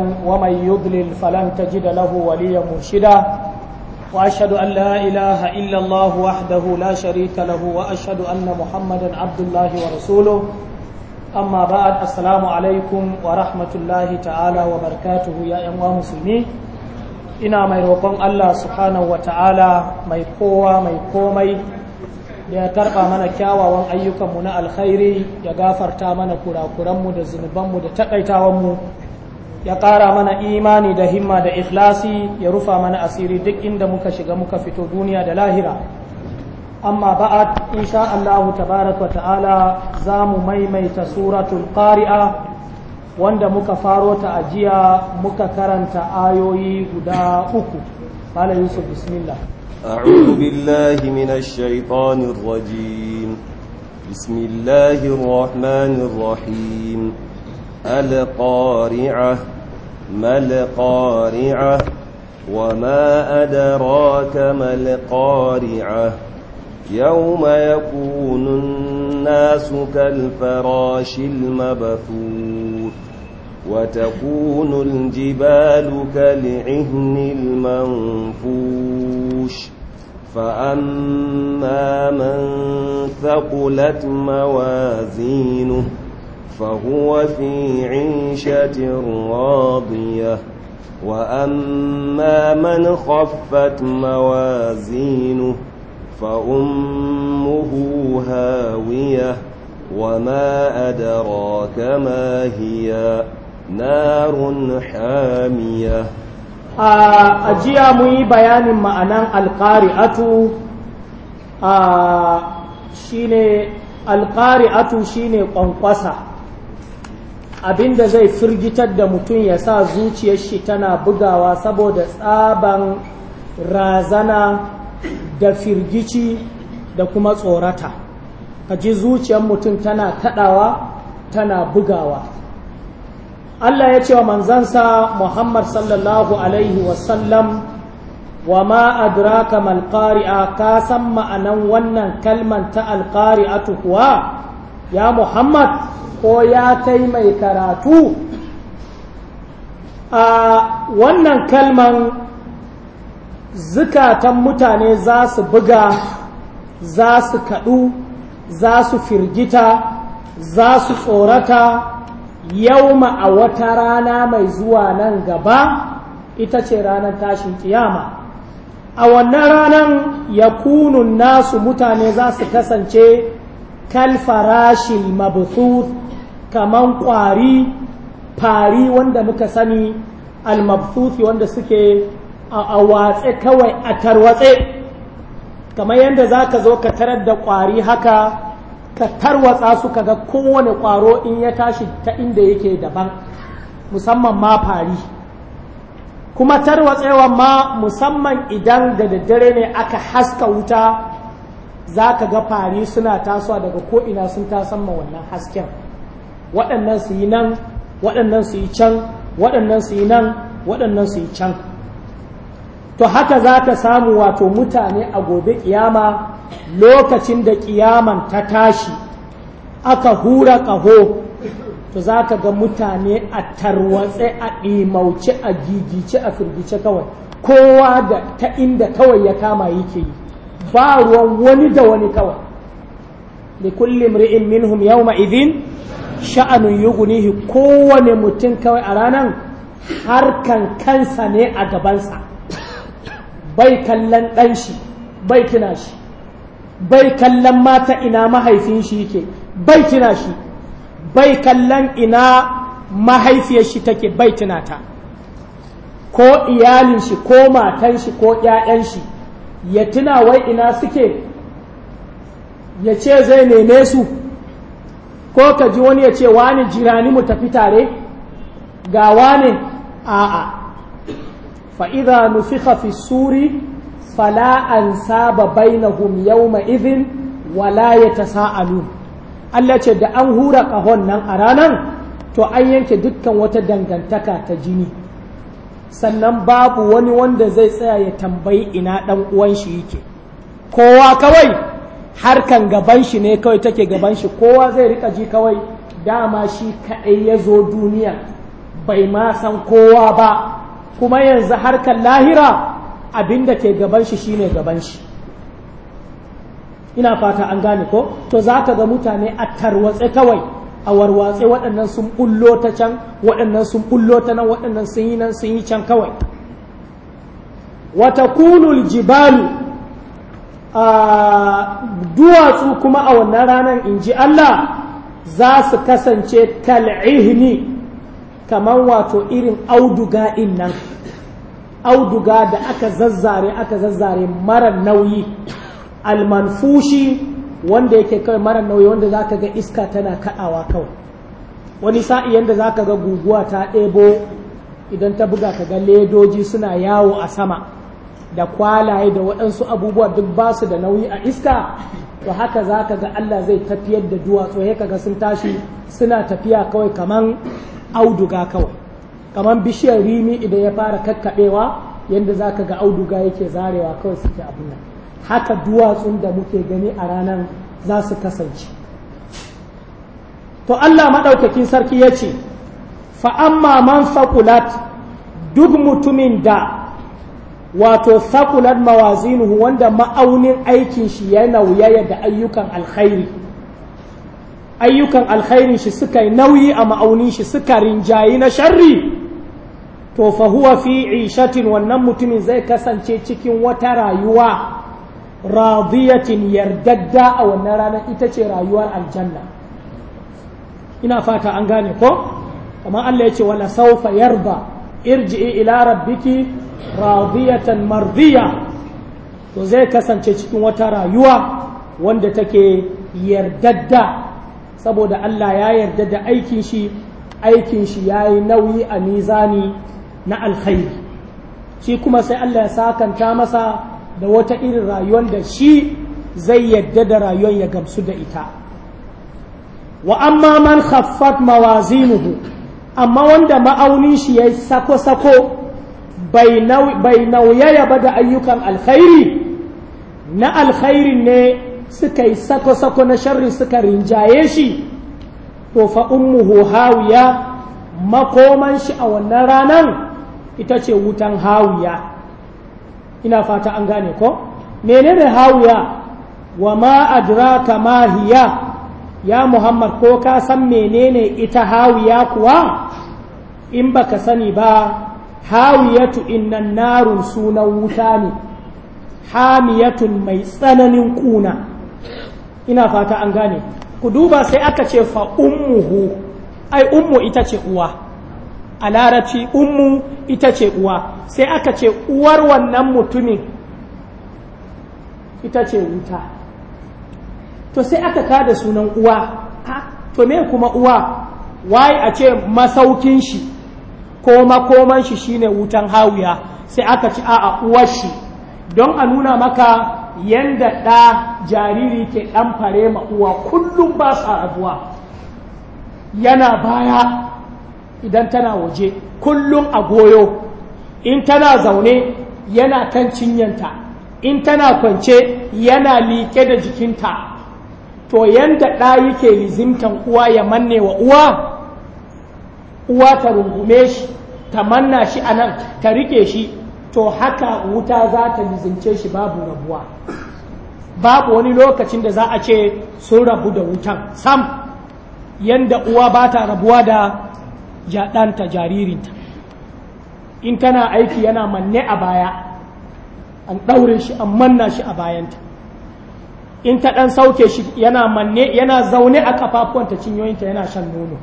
ومن يضلل فلن تجد له وليا مرشدا وأشهد أن لا إله إلا الله وحده لا شريك له وأشهد أن محمدا عبد الله ورسوله أما بعد السلام عليكم ورحمة الله تعالى وبركاته يا أمام مسلمين ina mai roƙon Allah subhanahu wa ta'ala mai kowa mai komai da ya karɓa mana kyawawan ayyukanmu na alkhairi ya gafarta mana kurakuranmu da zunubanmu da taƙaitawanmu ya ƙara mana imani da himma da ikhlasi ya rufa mana asiri duk inda muka shiga muka fito duniya da lahira amma ba'at insha Allahu tabarak wa ta'ala za mu maimaita suratul qari'a wanda muka faro ta ajiya muka karanta ayoyi guda uku qala yusuf bismillah a'udhu billahi minash shaitanir rajim bismillahir rahmanir rahim al-qari'ah ما القارعة وما أدراك ما القارعة يوم يكون الناس كالفراش المبثوث وتكون الجبال كالعهن المنفوش فأما من ثقلت موازينه فهو في عيشة راضية وأما من خفت موازينه فأمه هاوية وما أدراك ما هي نار حامية أجيا مي بيان معنى القارئة آه شيني alƙari'atu shine ƙwanƙwasa Abinda zai firgitar da mutum ya sa zuciyar shi tana bugawa saboda tsaban razana da firgici da kuma tsorata ka ji zuciyar mutum tana kaɗawa tana bugawa Allah ya ce wa manzansa Muhammad sallallahu Alaihi wasallam wa ma adraka mal qari'a ka san ma'anan wannan kalman ta al kuwa ya Muhammad ko ya kai mai karatu a wannan kalman zukatan mutane za su buga za su kaɗu za su firgita za su tsorata yauma a wata rana mai zuwa nan gaba ita ce ranar tashin kiyama a wannan ranar ya nasu mutane za su kasance kalfarashil mabthuth kaman kwari fari wanda muka sani al al-mabthuth wanda suke a watse kawai a tarwatse kamar yadda za ka zo ka tarar da kwari haka ka tarwatsa su kaga kowane kwaro in ya tashi ta inda yake daban musamman ma fari kuma tarwatsewa ma musamman idan da daddare ne aka haska wuta za ka ga fari suna tasowa daga ko'ina sun tasamma wannan hasken waɗannan su yi nan waɗannan su yi can waɗannan su yi nan waɗannan su yi can to haka za ka samu wato mutane a gobe ƙiyama lokacin da ƙiyaman ta tashi aka hura ƙaho to za ka ga mutane a tarwatse a ɗimauce a gigice a firgice kawai kowa da ta inda kawai ya kama yake yi ba ruwan wani da wani kawai li kulli imri'in minhum yawma idhin sha'anun yughnihi kowane mutum kawai a ranan harkan kansa ne a gabansa bai kallon ɗan shi bai kina shi bai kallon mata ina mahaifin shi yake bai kina shi bai kallon ina mahaifiyar shi take bai tunata ko iyalin shi ko matan shi ko 'ya'yan shi ya tuna wai ina suke ya ce zai neme su ko ka ji wani ya ce wani jirani mu tafi tare ga wani a'a fa'iza nufika fi suri fala an saba bainahum yawma izin wala ya ta sa'alu Allah ce da an hura ƙahon nan a ranar to an yanke dukkan wata dangantaka ta jini sannan babu wani wanda zai tsaya ya tambayi ina ɗan uwan shi yake kowa kawai harkan gaban shi ne kawai take gaban shi kowa zai rika ji kawai dama shi kaɗai ya zo duniya bai ma san kowa ba kuma yanzu harkan lahira abinda ke gaban shi shine gaban shi ina fata an gane ko to za ka ga mutane a tarwatse kawai a warwatse waɗannan sun ɓullo ta can waɗannan sun ɓullo ta nan waɗannan sun yi nan sun yi can kawai wata kunul jibalu duwatsu kuma a wannan ranar in ji Allah za su kasance tal'ihni kamar wato irin auduga in nan auduga da aka zazzare aka zazzare mara nauyi almanfushi wanda yake kawai mara nauyi wanda za ka ga iska tana kaɗawa kawai wani sa'i yadda za ka ga guguwa ta ɗebo idan ta buga ka ga ledoji suna yawo a sama da kwalaye da waɗansu abubuwa duk ba su da nauyi a iska to haka za ka ga Allah zai tafiyar da duwatsu ya kaga sun tashi suna tafiya kawai kaman auduga kawai kamar bishiyar rimi idan ya fara kakkaɓewa yadda za ka ga auduga yake zarewa kawai suke abin nan haka duwatsun da muke gani a ranar za su kasance to Allah maɗaukakin sarki ya ce fa'amma man faƙulat duk mutumin da wato faƙulat mawazinu wanda ma'aunin aikin shi ya nauyaya da ayyukan alkhairi ayyukan alkhairin shi suka yi nauyi a ma'aunin shi suka rinjayi na sharri to fa huwa fi ishatin wannan mutumin zai kasance cikin wata rayuwa radiyatin yardadda a wannan ranar ita ce rayuwar aljanna ina fata an gane ko amma Allah ya ce wala saufa yarda irji'i ila rabbiki radiyatan mardiya to zai kasance cikin wata rayuwa wanda take yardadda saboda Allah ya yarda da aikin shi aikin shi yayi nauyi a mizani na alkhairi shi kuma sai Allah ya sakanta masa da wata irin rayuwar da shi zai yadda da rayuwar ya gamsu da ita wa amma man khaffat mawazinuhu amma wanda ma'auni shi ya sako-sako bai nauyaya ba da ayyukan alkhairi na alkhairi ne suka yi sako-sako na sharri suka rinjaye shi to fa ummuhu hawiya makoman shi a wannan ranar ita ce wutan hawiya ina fata an gane ko menene hawiya wa ma adraka ma hiya ya muhammad ko ka san menene ita hawiya kuwa in baka sani ba hawiyatu innan narun sunan wuta ne hamiyatun mai tsananin kuna ina fata an gane ku duba sai aka ce fa ummuhu ai ummu ita ce uwa a larabci ummu ita ce uwa sai aka ce uwar wannan mutumin ita ce wuta to sai aka kada sunan uwa ha to me kuma uwa Wai a ce masaukin shi ko makoman shi shine wutan hawiya sai aka ci a'a uwar shi don a nuna maka yanda ɗa jariri ke ɗan fare ma uwa kullum ba sa abuwa? yana baya idan tana waje kullum a goyo in tana zaune yana kan cinyanta in tana kwance yana liƙe da jikinta to yanda ɗa yake lizimtan uwa ya manne wa uwa uwa ta rungume shi ta manna shi a nan ta riƙe shi to haka wuta za ta lizince shi babu rabuwa babu wani lokacin da za a ce sun rabu da wutan sam yanda uwa ba ta rabuwa da ɗanta jaririnta in tana aiki yana manne a baya an ɗaure shi an manna shi a bayanta in ta ɗan sauke shi yana manne yana zaune a kafafuwanta cinyoyinta yana shan nono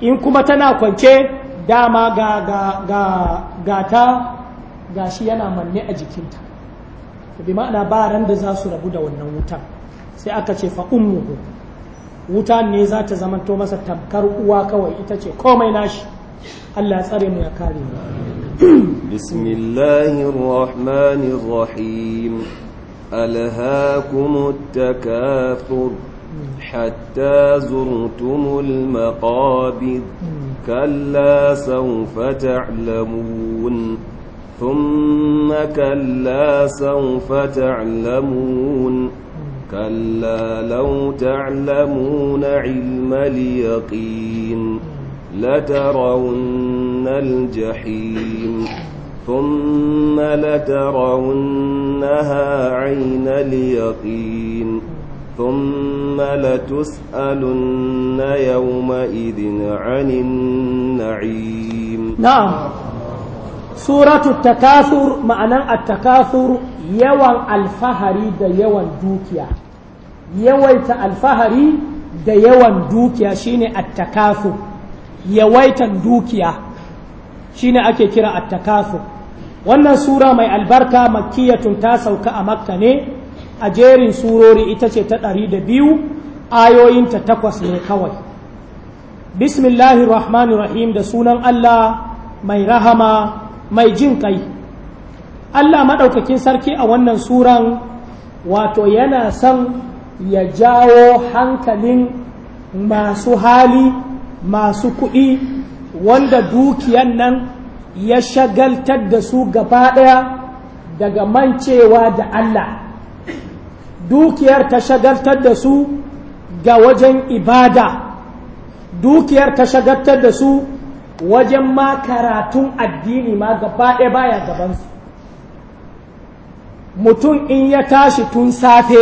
in kuma tana kwance dama ga ga ga ta ga shi yana manne a jikinta bi ma'ana ba ran da za su rabu da wannan wutan sai aka ce fa ummuhu wuta ne za ta zamanto masa tamkar uwa kawai ita ce komai nashi Allah ya tsare mu ya kare mu bismillahir rahmanir rahim alhaakumut takathur حتى زرتم المقابر كلا سوف تعلمون ثم كلا سوف تعلمون كلا لو تعلمون علم اليقين لترون الجحيم ثم لترونها عين اليقين ثم لتسألن يومئذ عن النعيم نعم suratu takasur ma'anan at-takasur yawan alfahari da yawan dukiya yawaita alfahari da yawan dukiya shine at-takasur yawaitan dukiya shine ake kira at-takasur wannan sura mai albarka makkiyatun ta sauka a makka ne a jerin surori ita ce ta ɗari da biyu ayoyinta takwas ne kawai bismillahir rahmanir rahim da sunan allah mai rahama mai jin kai Allah maɗaukakin sarki a wannan suran wato yana son ya jawo hankalin masu hali masu kuɗi wanda dukiyan nan ya shagaltar da su gaba ɗaya daga mancewa da Allah dukiyar ta shagaltar da su ga wajen ibada dukiyar ta shagaltar da su wajen ma karatun addini ma gaba ɗaya baya gabansu mutum in ya tashi tun safe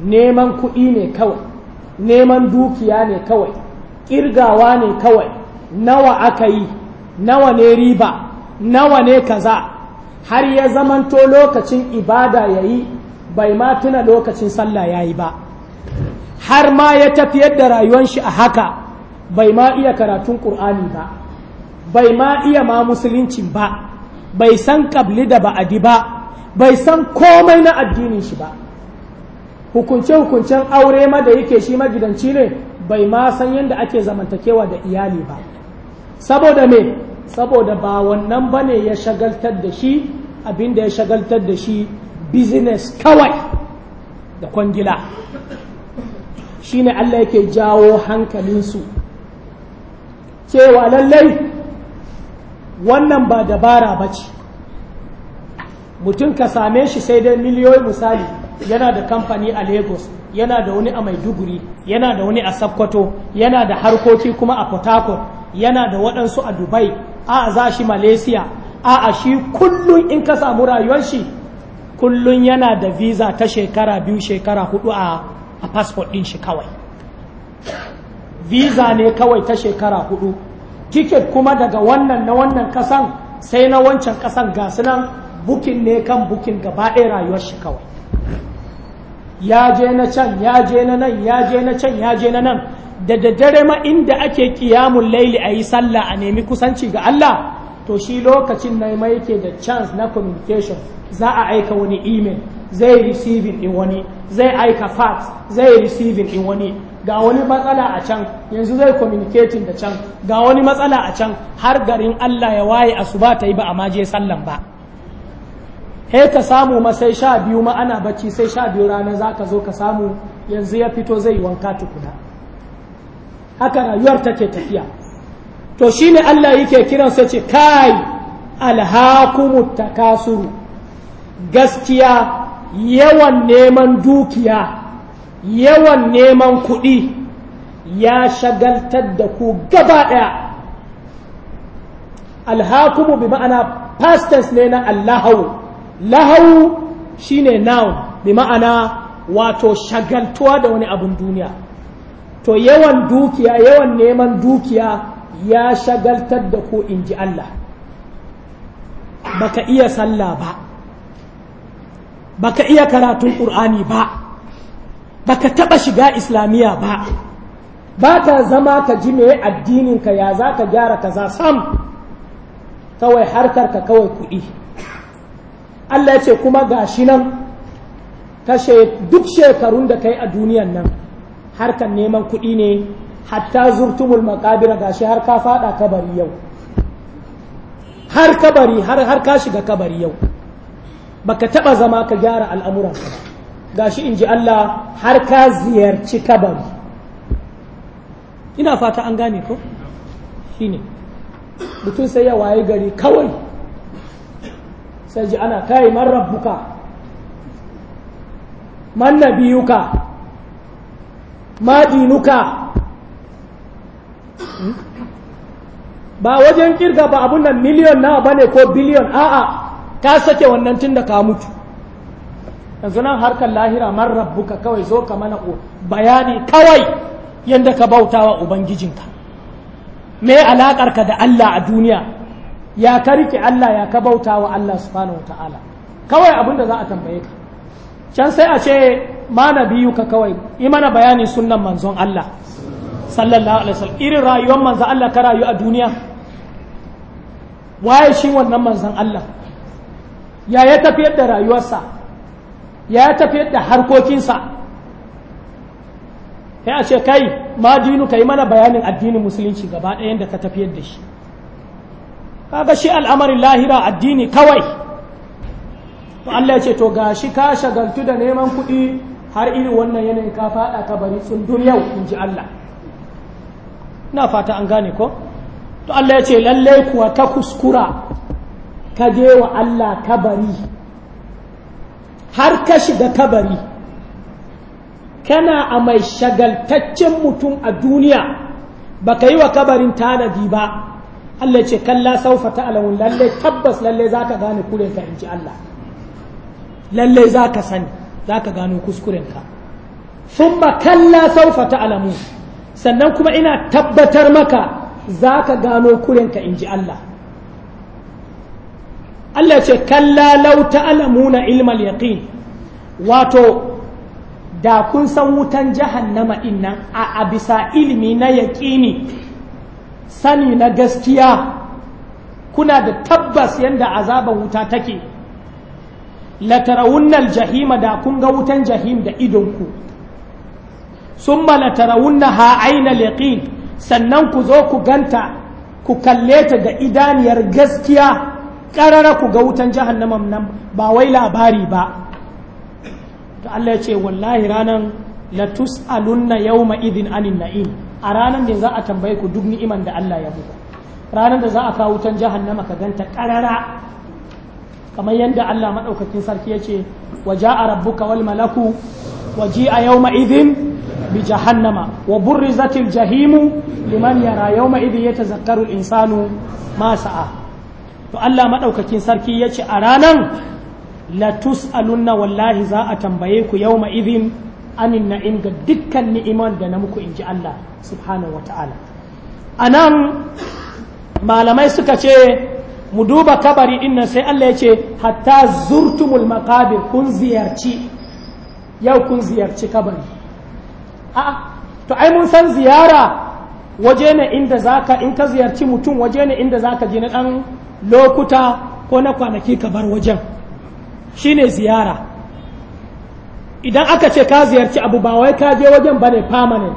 neman kuɗi ne kawai neman dukiya ne kawai ƙirgawa ne kawai nawa aka yi nawa ne riba nawa ne kaza har ya zamanto lokacin ibada ya yi bai ma tuna lokacin sallah ya yi ba har ma ya tafiyar da rayuwan shi a haka bai ma iya karatun ƙur'ani ba bai ma iya ma musuluncin ba bai san ƙabli da ba'adi ba bai san komai na addinin shi ba hukunce-hukuncen aure ma da yake shi magidanci ne bai ma san yadda ake zamantakewa da iyali ba saboda me saboda ba wannan ba ne ya shagaltar da shi abinda ya shagaltar da shi business kawai da kwangila Shi ne Allah yake jawo hankalinsu cewa lallai wannan ba dabara ba ce mutum ka same shi sai dai miliyoyi misali yana da kamfani a lagos yana da wani a maiduguri yana da wani a sakkwato yana da harkoki kuma a port yana da waɗansu a dubai a za shi malaysia a a shi kullum in ka samu rayuwar shi kullum yana da visa ta shekara biyu shekara hudu a a passport ɗin shi kawai visa ne kawai ta shekara hudu ticket kuma daga wannan na wannan kasan sai na wancan kasan ga nan bukin ne kan bukin gaba ɗaya rayuwar shi kawai ya je na can ya je na nan ya je na can ya je na nan da daddare ma inda ake kiyamun laili a yi sallah a nemi kusanci ga Allah to shi lokacin na ma yake da chance na communication za a aika wani email zai receiving in wani zai aika fax zai receiving in wani ga wani matsala a can yanzu zai communicating da can ga wani matsala a can har garin Allah ya waye asuba ta yi ba a je sallan ba he ka samu ma sai sha biyu ma ana bacci sai sha biyu rana za ka zo ka samu yanzu ya fito zai wanka tukuna haka rayuwar take tafiya to shi ne Allah yake kiran sai ce kai alhakumut takasuru gaskiya yawan neman dukiya yawan neman kuɗi ya shagaltar da ku gaba ɗaya alhakumu bi ma'ana past ne na allahau lahau shine now bi ma'ana wato shagaltuwa da wani abin duniya to yawan dukiya yawan neman dukiya ya shagaltar da ku in ji Allah baka iya sallah ba baka iya karatun ƙur'ani ba baka taba shiga islamiyya ba ba ta zama ka ji me addinin ka ya za ka gyara kaza sam kawai harkar ka kawai kuɗi Allah ya ce kuma gashi nan kashe duk shekarun da kai a duniyan nan harkar neman kuɗi ne hatta zurtumul makabira gashi har ka faɗa kabari yau har kabari har ka shiga kabari yau baka taba zama ka gyara al'amuranka ba gashi in ji Allah har ka ziyarci kabari ina fata an gane ko Shi ne. mutum sai ya waye gari kawai sai ji ana kai man rabbuka man nabiyuka ma dinuka ba wajen kirga ba abun nan miliyon ba ne ko biliyon a'a ka sake wannan tun da ka mutu yanzu nan harkar lahira man rabbuka kawai zo ka mana bayani kawai yadda ka bautawa ubangijinka me alaƙarka da Allah a duniya ya ka rike Allah ya ka bautawa Allah subhanahu ta'ala kawai abin da za a tambaye ka can sai a ce biyu ka kawai yi mana bayani sunnan manzon Allah sallallahu alaihi wasallam irin rayuwar manzon Allah ka rayu a duniya waye shi wannan manzon Allah ya ya tafiyar da rayuwarsa ya tafiyar da harkokinsa ya ce kai ma ka yi mana bayanin addinin musulunci gaba ɗaya da ka tafiyar da shi kaga shi al'amarin lahira addini kawai to Allah ya ce to gashi ka shagaltu da neman kuɗi har irin wannan yanayin ka faɗa ka bari tsundun yau in ji Allah na fata an gane ko to Allah ya ce lallai kuwa ta kuskura ka je wa Allah kabari har ka shiga kabari kana a mai shagaltaccen mutum a duniya ba ka yi wa kabarin tanadi ba Allah ce kalla saufa ta'lamun Lallai tabbas lallai za ka gane kurenka in ji Allah za ka sani za ka gano kuskurenka thumma kalla saufa ta'lamun sannan kuma ina tabbatar maka za ka gano kurenka in ji Allah Allah ce kalla law ta'lamuna ilmal yaqin wato da kun san wutan jahannama din nan a bisa ilimi na yaqini sani na gaskiya kuna da tabbas yanda azaban wuta take latarawunnal jahima da kun ga wutan jahim da idonku summa latarawunna ha ainal yaqin sannan ku zo ku ganta ku kalle ta da idaniyar gaskiya karara ku ga wutan jahannama nan ba wai labari ba to Allah ya ce wallahi ranan la tus'alunna yawma idin anin na'im a ranan da za a tambaye ku duk ni'iman da Allah ya muku ranan da za a kawo wutan jahannama ka ganta ƙarara kamar yadda Allah maɗaukakin sarki ya ce wa ja'a rabbuka wal malaku a ji'a yawma idin bi jahannama wa burrizatil jahimu liman yara yawma idhin yatazakkaru al insanu ma sa'a to Allah maɗaukakin sarki ya ce a ranan latus alunna wallahi za a tambaye ku yau idin anin na'im ga dukkan ni'imar da na muku in ji Allah subhanahu wa ta'ala a nan malamai suka ce mu duba kabari din sai Allah ya ce hatta zurtumul makabir kun ziyarci yau kun ziyarci kabari a to ai mun san ziyara waje ne inda zaka in ka ziyarci mutum waje ne inda zaka je na dan lokuta ko na kwanaki ka bar wajen shine ziyara idan aka ce ka ziyarci abu ba wai ka je wajen bane permanent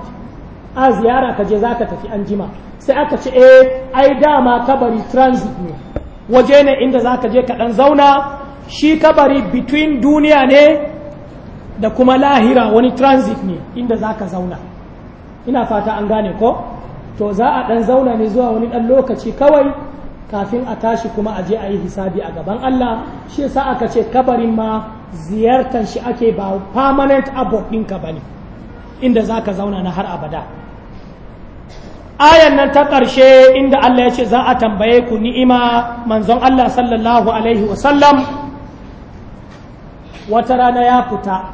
a ziyara ka je za ka tafi an jima sai aka ce eh ai dama kabari transit ne waje ne inda za ka je ka dan zauna shi kabari between duniya ne da kuma lahira wani transit ne inda za ka zauna ina fata an gane ko to za a dan zauna ne zuwa wani dan lokaci kawai kafin a tashi kuma a je a yi hisabi a gaban Allah shi yasa aka ce kabarin ma ziyartar shi ake ba permanent abode ɗinka ba ne inda za ka zauna na har abada ayan nan ta ƙarshe inda Allah ya ce za a tambaye ku ni'ima manzon Allah sallallahu alaihi wasallam wata rana ya fita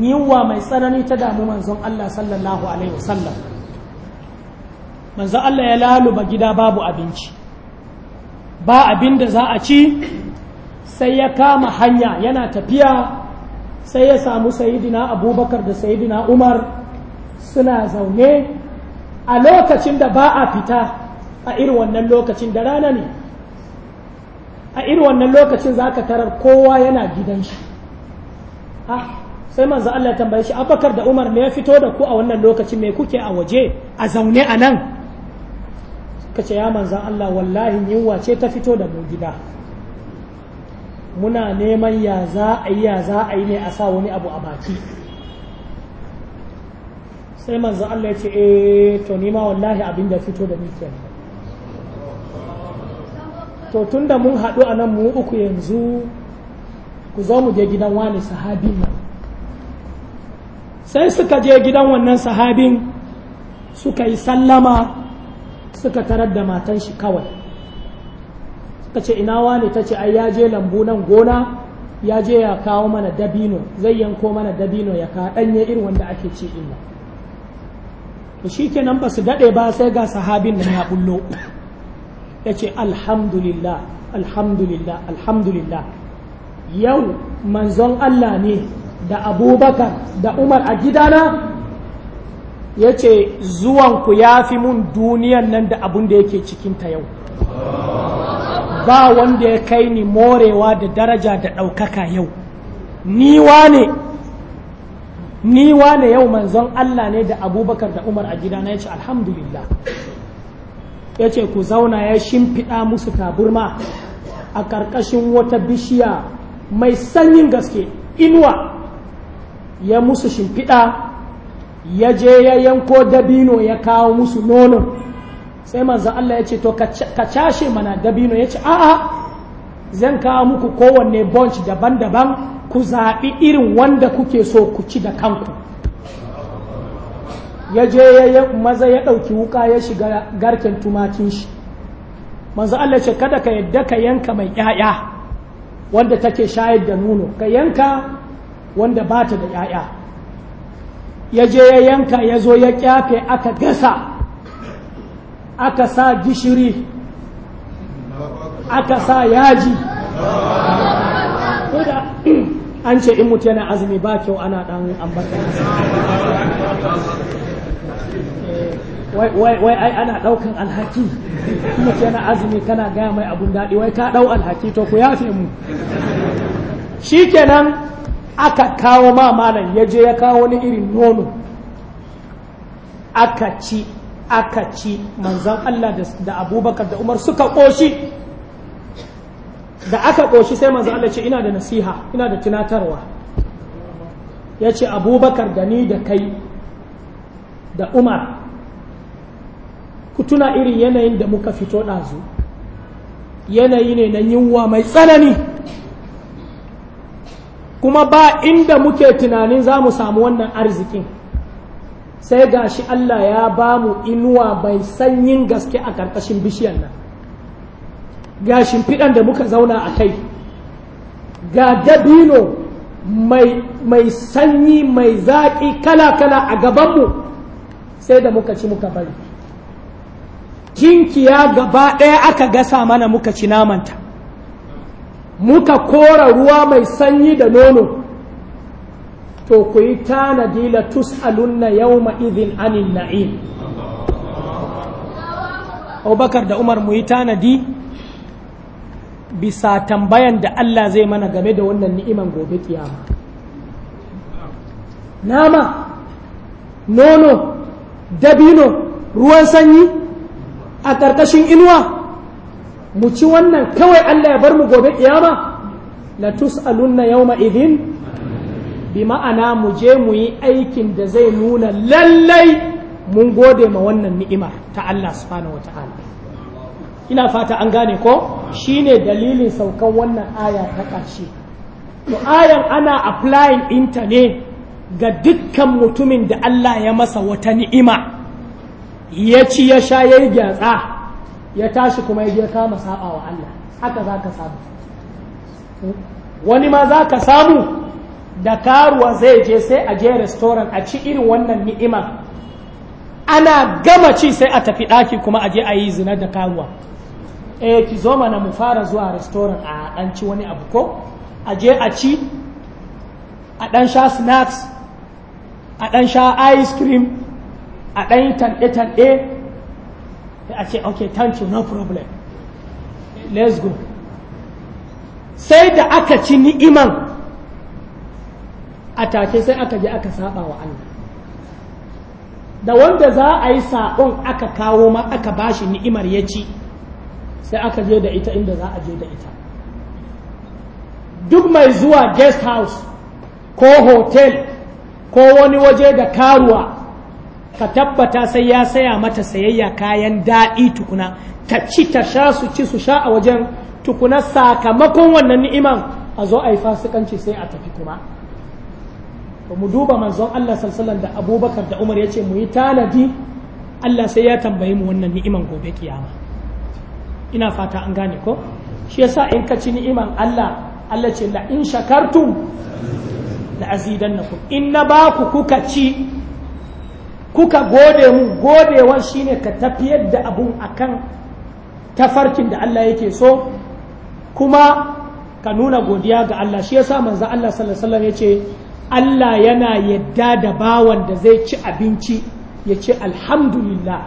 yiwuwa mai tsanani ta damu manzon Allah sallallahu alaihi wasallam manzo Allah ya laluba gida babu abinci ba abin da za a ci sai ya kama hanya yana tafiya sai ya samu sayidina abubakar da sayidina umar suna zaune a lokacin da ba a fita a irin wannan lokacin da rana ne a irin wannan lokacin za ka tarar kowa yana gidan shi ah, sai manzo Allah ya tambaye shi abakar da umar ne ya fito da ku a wannan lokacin me kuke a waje a zaune a nan suka ce ya manzan Allah wallahi yunwa ce ta fito da mu gida muna neman ya za a yi ya za a yi ne a sa wani abu a baki sai manzan Allah ya ce eh to nima wallahi abin da fito da muke. to tun da mun haɗu a nan mu uku yanzu ku zo mu je gidan wani sahabin nan sai suka je gidan wannan sahabin suka yi sallama suka tarar da matan shi kawai suka ce ina wani ta ce ai ya je lambu nan gona ya je ya kawo mana dabino zai yanko mana dabino ya kawo ɗanye irin wanda ake ci inna to shi kenan ba su daɗe ba sai ga sahabin nan ya bullo ya ce alhamdulillah alhamdulillah alhamdulillah yau manzon Allah ne da abubakar da umar a gidana ya ce zuwanku ya fi mun duniyan nan da abun da yake ta yau ba wanda ya kai ni morewa da daraja da ɗaukaka yau niwa ne niwa ne yau manzon Allah ne da abubakar da umar a gidana ya ce alhamdulillah ya ce ku zauna ya shimfiɗa musu taburma a ƙarƙashin wata bishiya mai sanyin gaske inuwa ya musu shimfiɗa ya je ya yanko dabino ya kawo musu nono sai manzo Allah ya ce to ka cashe mana dabino ya ce a'a zan kawo muku kowanne bunch daban-daban ku zaɓi irin wanda kuke so ku ci da kanku ya je ya maza ya ɗauki wuka ya shiga garken tumakin shi manzo Allah ce kada ka yadda ka yanka mai ‘ya'ya wanda take shayar da nono ka yanka wanda ba ta da ‘ya'ya ya je ya yanka ya zo ya kyafe aka gasa aka sa gishiri aka sa yaji an ce in mutu yana azumi ba kyau ana dan ambata wai ai ana daukan alhaki in mutu yana azumi kana gaya mai abun daɗi wai ka dau alhaki to ku yafe mu shikenan aka kawo ma malam ya je ya kawo wani irin nono aka ci aka ci manzan Allah da abubakar da umar suka ƙoshi da aka ƙoshi sai manzan Allah ce ina da nasiha ina da tunatarwa ya ce abubakar da ni da kai da umar ku tuna irin yanayin da muka fito ɗazu yanayi ne na yunwa mai tsanani kuma ba inda muke tunanin za mu samu wannan arzikin sai gashi Allah ya ba mu inuwa bai sanyin gaske a ƙarƙashin bishiyar nan ga shimfiɗan da muka zauna a kai ga dabino mai sanyi mai zaƙi kala-kala a gabanmu sai da muka ci muka bari kinkiya gaba ɗaya aka gasa mana muka ci namanta muka kora ruwa mai sanyi da nono to ku yi tanadi la tus'alunna yawma idhin anin na'im Abubakar da Umar mu yi tanadi bisa tambayan da Allah zai mana game da wannan ni'iman gobe kiyama nama nono dabino ruwan sanyi a ƙarƙashin inuwa mu ci wannan kawai Allah ya bar mu gobe kiyama la tus'alunna yawma idhin bi ma'ana mu je mu yi aikin da zai nuna lallai mun gode ma wannan ni'ima ta Allah subhanahu wata'ala ina fata an gane ko shine dalilin saukan wannan aya ta ƙarshe to ayan ana applying inta ne ga dukkan mutumin da Allah ya masa wata ni'ima ya ci ya sha ya yi gyatsa ya tashi kuma ya je kama saba wa Allah haka za ka samu wani ma za ka samu da karuwa zai je sai a je restaurant a ci irin wannan ni'ima ana gama ci sai a tafi ɗaki kuma a je a yi zina da karuwa eh ki zo mana mu fara zuwa restaurant a ɗan ci wani abu ko a je a ci a ɗan sha snacks a ɗan sha ice cream a ɗan yi tanɗe-tanɗe sai a ce okay thank you no problem let's go sai da aka ci ni'iman a take sai aka je aka saba wa Allah da wanda za a yi saɓon aka kawo ma aka bashi ni'imar ya ci sai aka je da ita inda za a je da ita duk mai zuwa guest house ko hotel ko wani waje da karuwa ka tabbata sai ya saya mata sayayya kayan daɗi tukuna ta ci ta sha su ci su sha a wajen tukuna sakamakon wannan ni'iman a zo a yi fasikanci sai a tafi kuma ba mu duba manzon Allah sallallahu da abubakar da umar ya ce mu yi tanadi Allah sai ya tambayi mu wannan ni'iman gobe kiyama ina fata an gane ko shi yasa in ka ci ni'iman Allah Allah ce la in shakartum la azidannakum in na baku kuka ci kuka gode mu godewan shine ka tafiyar da abun akan tafarkin da Allah yake so kuma ka nuna godiya ga Allah shi yasa manzo Allah sallallahu alaihi wasallam yace Allah yana yadda da bawan da zai ci abinci ya ce alhamdulillah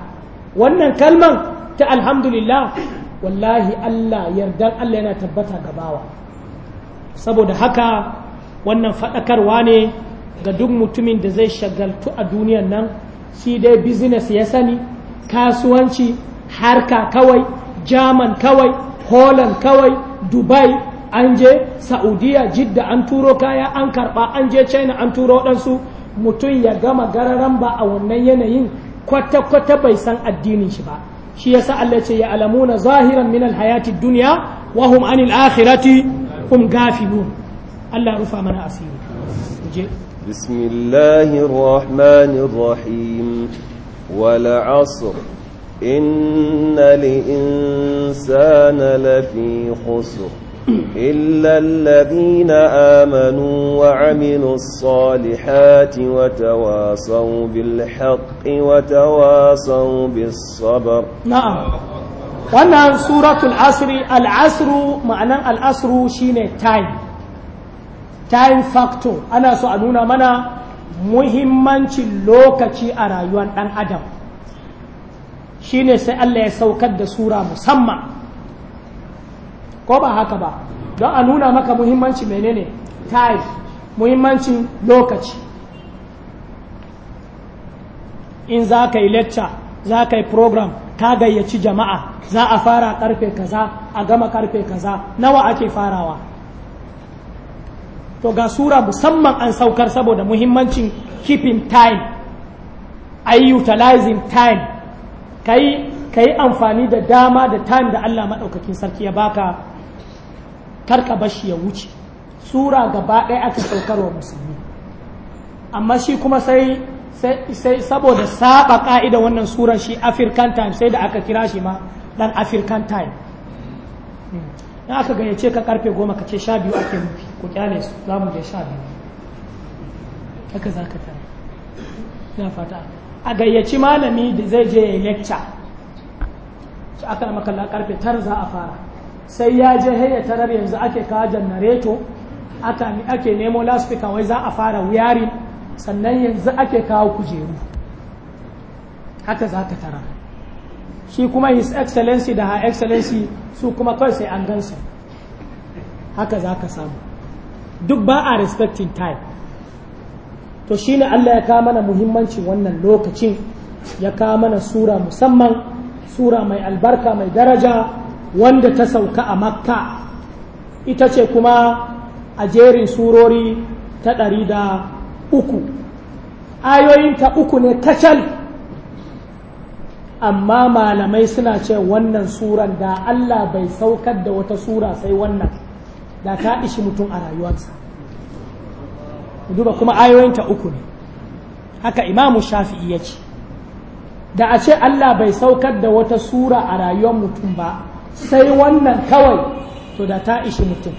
wannan kalman ta alhamdulillah wallahi Allah yardan Allah yana tabbata ga bawa saboda haka wannan faɗakarwa ne ga duk mutumin da zai shagaltu a duniyan nan shi dai business ya sani kasuwanci harka kawai german kawai holland kawai dubai an je saudiya jidda an turo kaya an karba an je china an turo waɗansu mutum ya gama gararan ba a wannan yanayin kwata-kwata bai san addinin shi ba shi yasa Allah ce ya alamuna zahiran min alhayati duniya wa hum anil akhirati hum gafilun Allah rufa mana asiri بسم الله الرحمن الرحيم والعصر إن الإنسان لفي خسر إلا الذين آمنوا وعملوا الصالحات وتواصوا بالحق وتواصوا بالصبر نعم wannan suratul asri al'asru ma'anan al'asru shine time time factor ana so a nuna mana muhimmancin lokaci a rayuwar ɗan adam shine sai Allah ya saukar da sura musamman ko ba haka ba don a nuna maka muhimmanci menene time muhimmancin lokaci in za ka yi lecture za ka yi program ta gayyaci jama'a za a fara karfe kaza a gama karfe kaza nawa ake farawa to ga sura musamman an saukar saboda muhimmancin keeping time a yi utilizing time ka yi amfani da dama da time da Allah maɗaukakin sarki ya baka karka bashi ya wuce sura gaba ɗaya aka saukarwa musulmi amma shi kuma sai saboda saba ƙa'ida wannan sura shi african time sai da aka kira shi ma dan african time hmm. in aka gayyace ka karfe goma ka ce sha biyu ake nufi ko kyale su za mu je sha biyu haka za ka tare ina fata a gayyaci malami da zai je ya lecture su aka na makalla karfe tara za a fara sai ya je ya tarar yanzu ake kawo janareto ake nemo laspika wai za a fara wuyari sannan yanzu ake kawo kujeru haka za ka tarar shi kuma his excellency da her excellency su kuma kawai sai an gansu haka za ka samu duk ba a respectin time to shi ne Allah ya kawo mana muhimmancin wannan lokacin ya kawo mana sura musamman sura mai albarka mai daraja wanda ta sauka a makka ita ce kuma a jerin surori ta ɗari da uku ayoyinta uku ne kacal amma malamai suna ce wannan suran da Allah bai saukar da wata sura sai wannan da ta ishi mutum a rayuwarsa duba kuma ayoyinta uku ne haka imamu shafi'i ya ce da a ce Allah bai saukar da wata sura a rayuwar mutum ba sai wannan kawai to da ta ishi mutum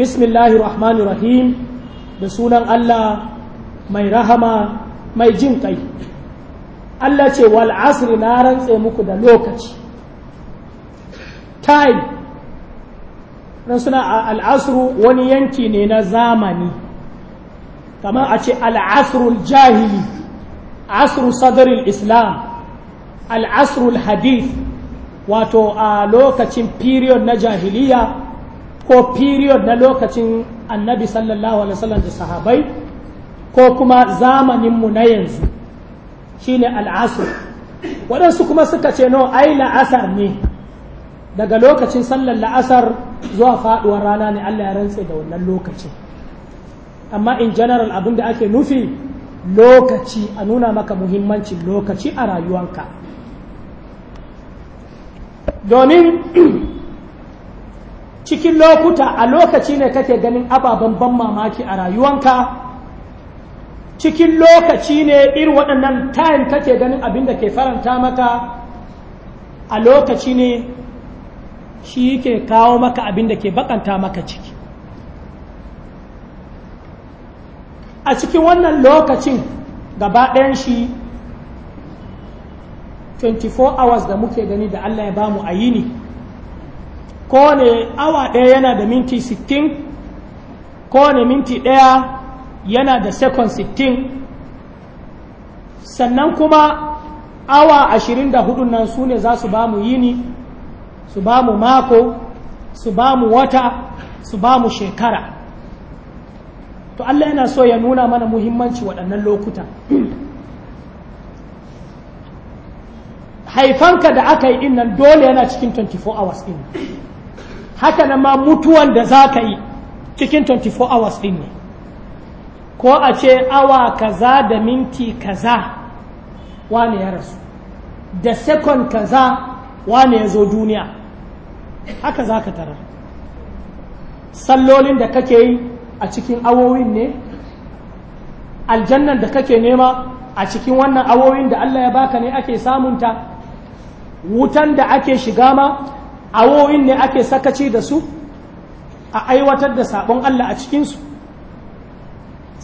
bismillahi rahmanir rahim da sunan Allah mai rahama mai jin kai Allah ce wal asri na rantse muku da lokaci time nan suna asru wani yanki ne na zamani kamar a ce al-asrul jahili asru sadril islam al-asrul hadith wato a lokacin period na jahiliya ko period na lokacin annabi sallallahu alaihi wasallam da sahabai ko kuma zamaninmu na yanzu shi ne al’asir waɗansu kuma suka ce no ai la'asar ne daga lokacin sallar la'asar zuwa faɗuwar rana ne Allah ya rantse da wannan lokaci amma in general abin da ake nufi lokaci a nuna maka muhimmancin lokaci a rayuwanka domin cikin lokuta a lokaci ne kake ganin ababen ban mamaki a rayuwanka cikin lokaci ne irin waɗannan time kake ganin abin da ke faranta maka a lokaci ne shi ke kawo maka abin da ke bakanta maka ciki a cikin wannan lokacin gaba ɗayan shi 24 hours da muke gani da Allah ya bamu a ne kowane awa ɗaya yana da minti 16 kowane minti ɗaya yana da second 60 sannan kuma awa 24 nan su ne za su ba mu yini su ba mu mako su ba mu wata su ba mu shekara to Allah yana so ya nuna mana muhimmanci waɗannan lokuta haifanka da aka yi nan dole yana cikin 24 hours din haka nan ma mutuwan da za ka yi cikin 24 hours din ne ko a ce awa kaza da minti kaza wane ya rasu da sekon kaza wane ya zo duniya haka za ka tarar sallolin da kake yi a cikin awowin ne aljannan da kake nema a cikin wannan awowin da Allah ya baka ne ake samunta wutan da ake shiga ma awowin ne ake sakaci da su a aiwatar da sabon Allah a cikinsu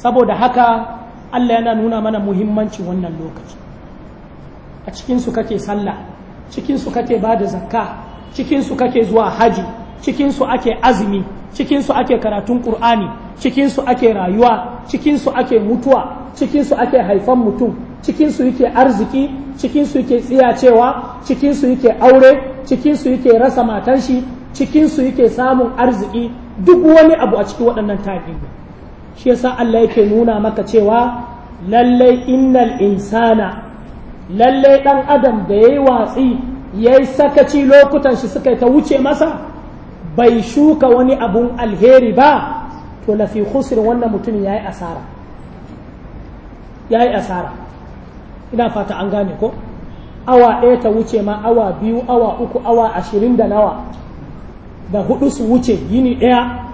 saboda haka Allah yana nuna mana muhimmanci wannan lokaci a cikinsu kake sallah cikinsu kake ba da zakka cikinsu kake zuwa haji cikinsu ake azumi cikinsu ake karatun ƙur'ani cikinsu ake rayuwa cikinsu ake mutuwa cikinsu ake haifan mutum cikinsu yake arziki cikinsu yake tsiyacewa cikinsu yake aure cikinsu yake rasa matanshi, shi cikinsu yake samun arziki duk wani abu a cikin waɗannan tafi shi yasa Allah yake nuna maka cewa lallai innal insana lallai dan adam da yayi watsi yayi sakaci lokutan shi suka ta wuce masa bai shuka wani abun alheri ba to lafi khusr wannan mutum yayi asara yi asara ina fata an gane ko awa ɗaya ta wuce ma awa biyu awa uku awa ashirin da nawa da hudu su wuce yini ɗaya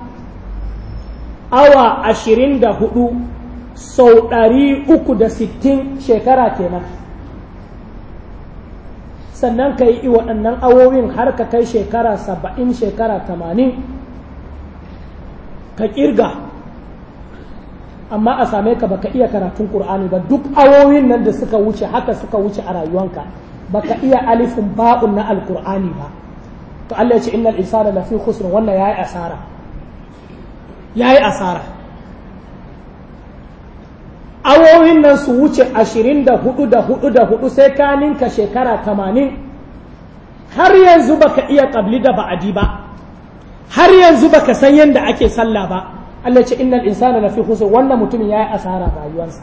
awa ashirin da hudu sau ɗari uku da sittin shekara kenan sannan ka yi waɗannan awowin har ka kai shekara saba'in shekara tamanin ka ƙirga amma a same ka baka iya karatun ƙur'ani ba duk awowin nan da suka wuce haka suka wuce a rayuwanka baka iya alifin ba'un na alƙur'ani ba to Allah ya ce innal insana lafi khusr wannan yayi asara ya yi asara awowin nan su wuce ashirin da hudu da hudu da hudu sai ka ninka shekara tamanin har yanzu baka iya ƙabli da ba'adi ba har yanzu baka san yadda ake sallah ba Allah ce innal insana lafi husu wannan mutumin ya yi asara rayuwarsa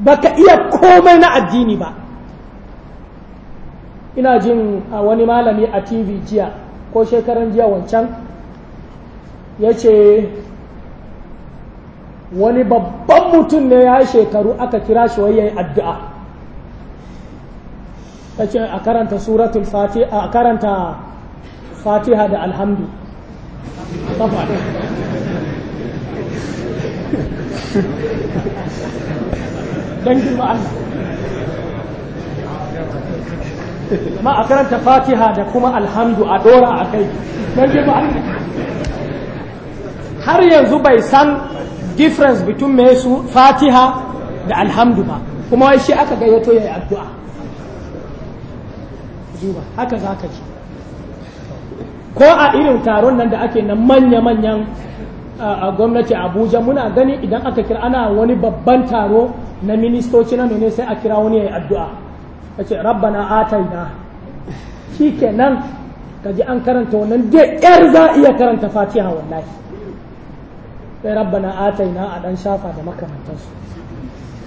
baka iya komai na addini ba ina jin a wani malami a TV jiya ko shekaran jiya wancan ya ce wani babban mutum ne ya shekaru aka kira shi wai addu'a ta ce a karanta suratul fatiha a karanta fatiha da alhamdu dangin ma a karanta fatiha da kuma alhamdu a dora a kai dangin ma'ana har yanzu bai san difference between me su fatiha da alhamdu ba kuma wai shi aka gayyato to yayi addu'a duba haka za ji ko a irin taron nan da ake nan manya-manyan a gwamnati abuja muna gani idan aka kira ana wani babban taro na ministoci na mene sai a kira wani ya yi addu'a kace ce rabbana ataina shi kenan ka ji an karanta wannan da yar za a iya karanta fatiha wallahi sai rabbana ataina a dan shafa da makamantansu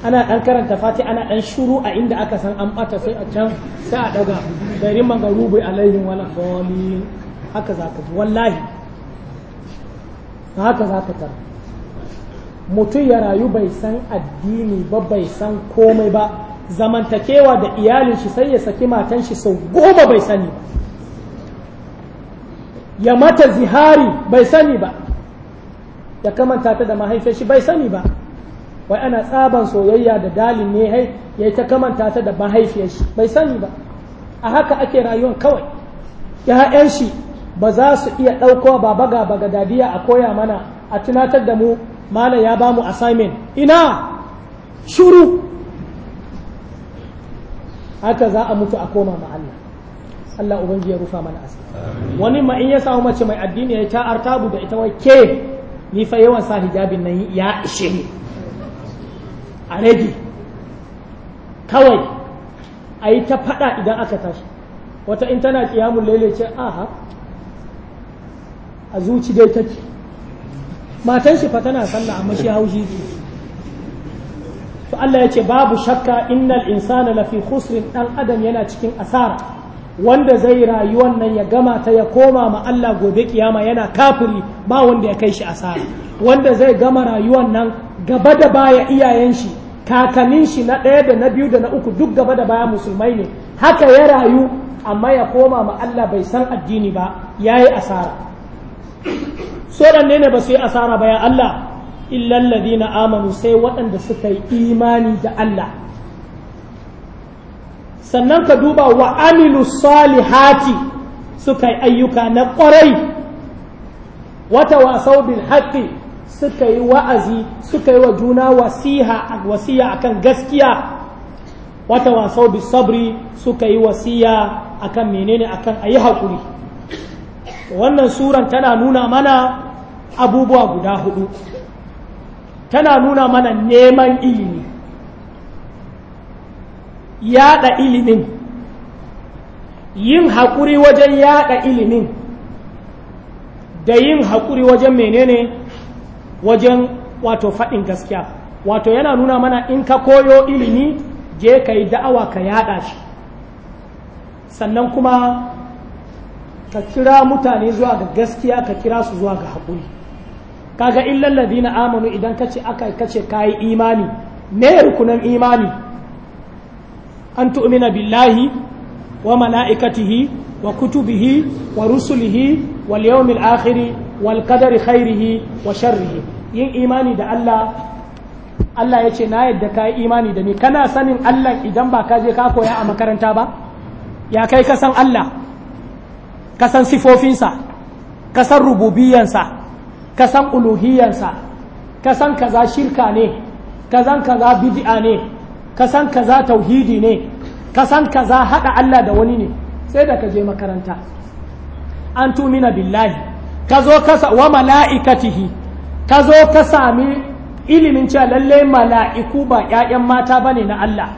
ana dan karanta fati ana dan shuru a inda aka san an bata sai a can sai a daga garin magarubi alaihim wala dhalin haka zaka ji wallahi haka zaka tara mutum ya rayu bai san addini ba bai san komai ba zamantakewa da iyalin shi sai ya saki matan shi sau goma bai sani ba ya mata zihari bai sani ba ya kamanta ta da mahaifiyar shi bai sani ba wai ana tsaban soyayya da dalin ne hai ya ta kamanta ta da mahaifiyar shi bai sani ba a haka ake rayuwar kawai ya'yan shi ba za su iya ɗauko ba baga baga dadiya a koya mana a tunatar da mu mala ya ba mu assignment ina shuru haka za a mutu a koma ma Allah Allah ubangiji ya rufa mana asiri wani ma in ya samu mace mai addini ya ta artabu da ita wai ke ni fa yawan sa hijabin nan ya ishe ni a rage kawai a yi ta faɗa idan aka tashi wata in tana kiyamun lalace aha a zuci dai take matan shi fa tana sallah amma shi haushi to Allah ya ce babu shakka innal insana lafi khusrin dan adam yana cikin asara wanda zai rayuwan nan ya gama ta ya koma ma Allah gobe kiyama yana kafiri ba wanda ya kai shi asara wanda zai gama rayuwan nan gaba da baya iyayen shi kakannin shi na ɗaya da na biyu da na uku duk gaba da baya musulmai ne haka ya rayu amma ya koma ma Allah bai san addini ba yayi asara soran ne ba su yi asara ba ya Allah illal ladina amanu sai waɗanda suka yi imani da Allah sannan ka duba wa amilu salihati suka yi ayyuka na ƙwarai wata wasau bil haqqi suka yi wa'azi suka yi wa juna wasiha wasiya akan gaskiya wata wasau bil sabri suka yi wasiya akan menene akan ayi hakuri wannan suran tana nuna mana abubuwa guda hudu tana nuna mana neman ilimi yaɗa ilimin yin haƙuri wajen yaɗa ilimin da yin haƙuri wajen menene wajen wato faɗin gaskiya wato yana nuna mana in ka koyo ilimi je ka yi da'awa ka yaɗa shi sannan kuma ka kira mutane zuwa ga gaskiya ka kira su zuwa ga haƙuri kaga illan na amanu idan kace aka kace kayi imani me rukunan imani an tu'umina billahi wa mala'ikatihi wa kutubihi wa rusulihi wa yawmil akhiri wal qadari wa sharrihi yin imani da Allah Allah ya ce na yadda ka yi imani da ni kana sanin Allah idan ba ka je ka koya a makaranta ba ya kai ka san Allah ka san sifofinsa ka san rububiyansa ka san uluhiyansa ka san kaza shirka ne kazan kaza bid'a ne ka san kaza tauhidi ne ka san kaza haɗa Allah da wani ne sai da ka je makaranta an tumina billahi ka zo ka wa mala'ikatihi ka zo ka sami ilimin cewa lalle mala'iku ba ‘ya'yan mata ba ne na Allah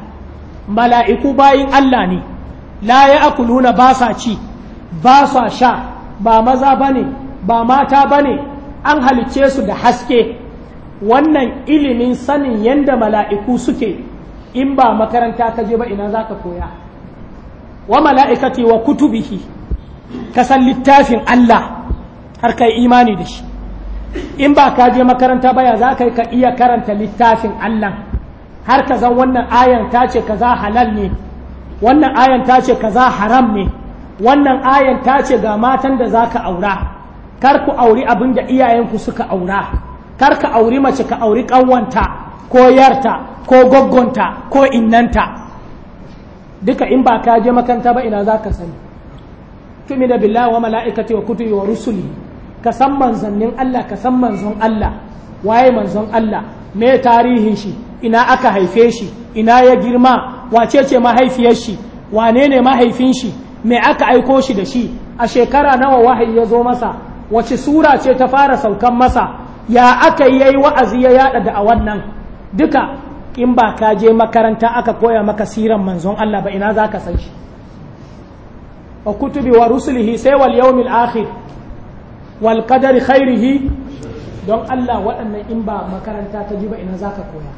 mala'iku bayin Allah ne la ya nuna ba sa ci ba sa sha ba maza ba ne ba mata ba ne an halicce su da haske wannan ilimin sanin yadda mala'iku suke in ba makaranta ka je ba ina za ka koya wa mala'ikati wa kutubihi ka san littafin Allah har kai imani da shi in ba ka je makaranta ba ya za ka ka iya karanta littafin Allah har ka zan wannan ayan ta ce kaza halal ne wannan ayan ta ce kaza haram ne wannan ayan ta ce ga matan da za ka aura kar ku auri abin da iyayenku suka aura kar ka auri mace ka auri ƙawanta. ko yarta ko goggonta ko innanta duka in ba ka je makanta ba ina za ka sani tumi da billahi wa mala'ikati wa kutubi wa rusuli ka san manzannin Allah ka san manzon Allah waye manzon Allah me tarihin shi ina aka haife shi ina ya girma wace ce mahaifiyar shi wane ne mahaifin shi me aka aiko shi da shi a shekara nawa wahayi ya zo masa wace sura ce ta fara saukan masa ya aka yi yayi wa'azi ya yada da a wannan duka in ba ka je makaranta aka koya maka siran manzon Allah ba ina za ka san shi wa kutubi wa rusulihi sai wal yawmil akhir wal qadari khairihi don Allah waɗannan in ba makaranta ta ji ba ina za ka koya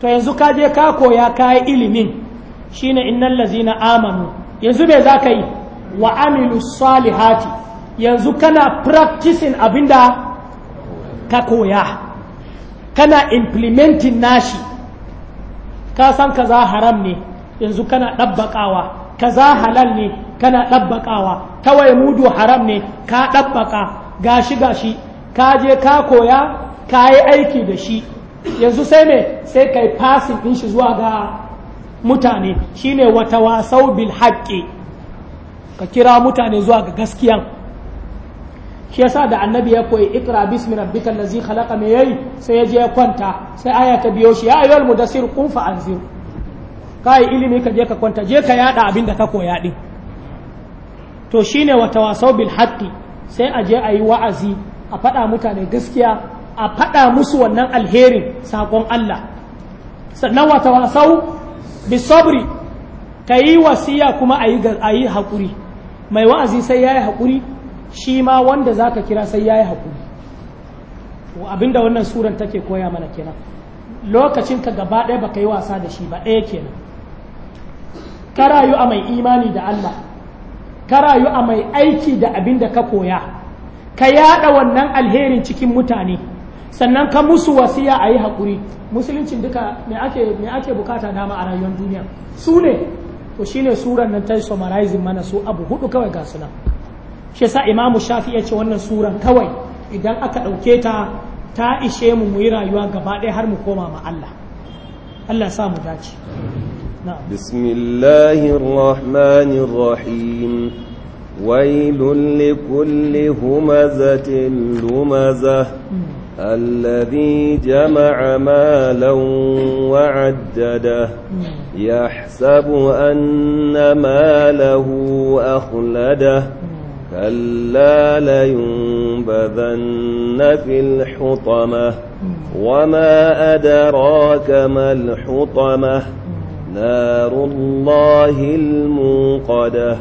to yanzu ka je ka koya ka yi ilimin shine innal lazina amanu yanzu me za ka yi wa amilu salihati yanzu kana practicing abinda ka koya kana implementing nashi ka san kaza haram ne yanzu kana ɗabbaƙawa kaza halal ne kana ɗabbaƙawa kawai mudu haram ne ka ɗabbaƙa gashi gashi ka je ka koya ka yi aiki da shi yanzu sai me sai kai passing ɗin shi zuwa ga mutane shine wata wasau bil haƙƙi ka kira mutane zuwa ga gaskiyan shi yasa da annabi ya koyi ikra bismi rabbika allazi khalaqa me yayi sai ya je ya kwanta sai aya ta biyo shi ya ayyul mudassir qum fa anzir kai ilimi ka je ka kwanta je ka yada abin da ka koya din to shine wata tawasau bil haqqi sai a je a yi wa'azi a faɗa mutane gaskiya a faɗa musu wannan alherin sakon Allah sannan wa tawasau bis sabri wasiya kuma a yi haƙuri mai wa'azi sai ya yi haƙuri shi ma wanda za ka kira sai ya yi haƙuri abinda wannan suran take koya mana kenan lokacin ka gaba ɗaya baka yi wasa da shi ba ɗaya kenan ka rayu a mai imani da Allah ka rayu a mai aiki da abin da ka koya ka yaɗa wannan alherin cikin mutane sannan ka musu wasiya a yi haƙuri musuluncin duka me ake bukata dama a rayuwar duniya su ne to shine suran nan ta summarizing mana su abu hudu kawai ga su nan shi yasa imamu shafi ya ce wannan suran kawai idan aka ɗauke ta ta ishe mu muyi rayuwa gaba ɗaya har mu koma ma Allah Allah sa mu dace bismillahir rahmanir rahim wailul likulli humazatin lumazah الذي جمع مالا وعدده يحسب أن ماله أخلده كلا لينبذن في الحطمة وما أدراك ما الحطمة نار الله الموقدة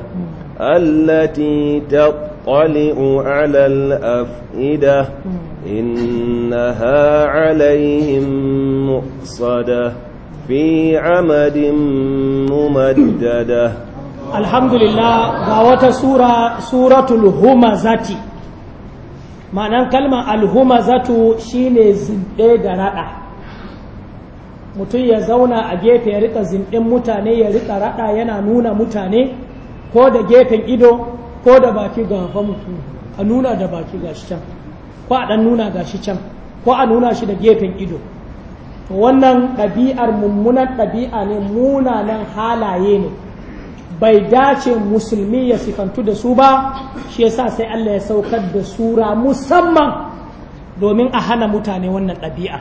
التي تطلع على الأفئدة إنها عليهم مؤصدة في عمد ممدده alhamdulillah ga wata sura suratul zati ma'anan kalma alhumazatu shine zinde da rada mutum ya zauna a gefe ya rika zindin mutane ya rika rada yana nuna mutane ko da gefen ido ko da baki ga mutum a nuna da baki ga shi can ko a dan nuna ga shi can ko a nuna shi da gefen ido to wannan ɗabi'ar mummunan ɗabi'a ne munanan halaye ne bai dace musulmi ya sifantu da su ba shi yasa sai Allah ya saukar da sura musamman domin a hana mutane wannan ɗabi'a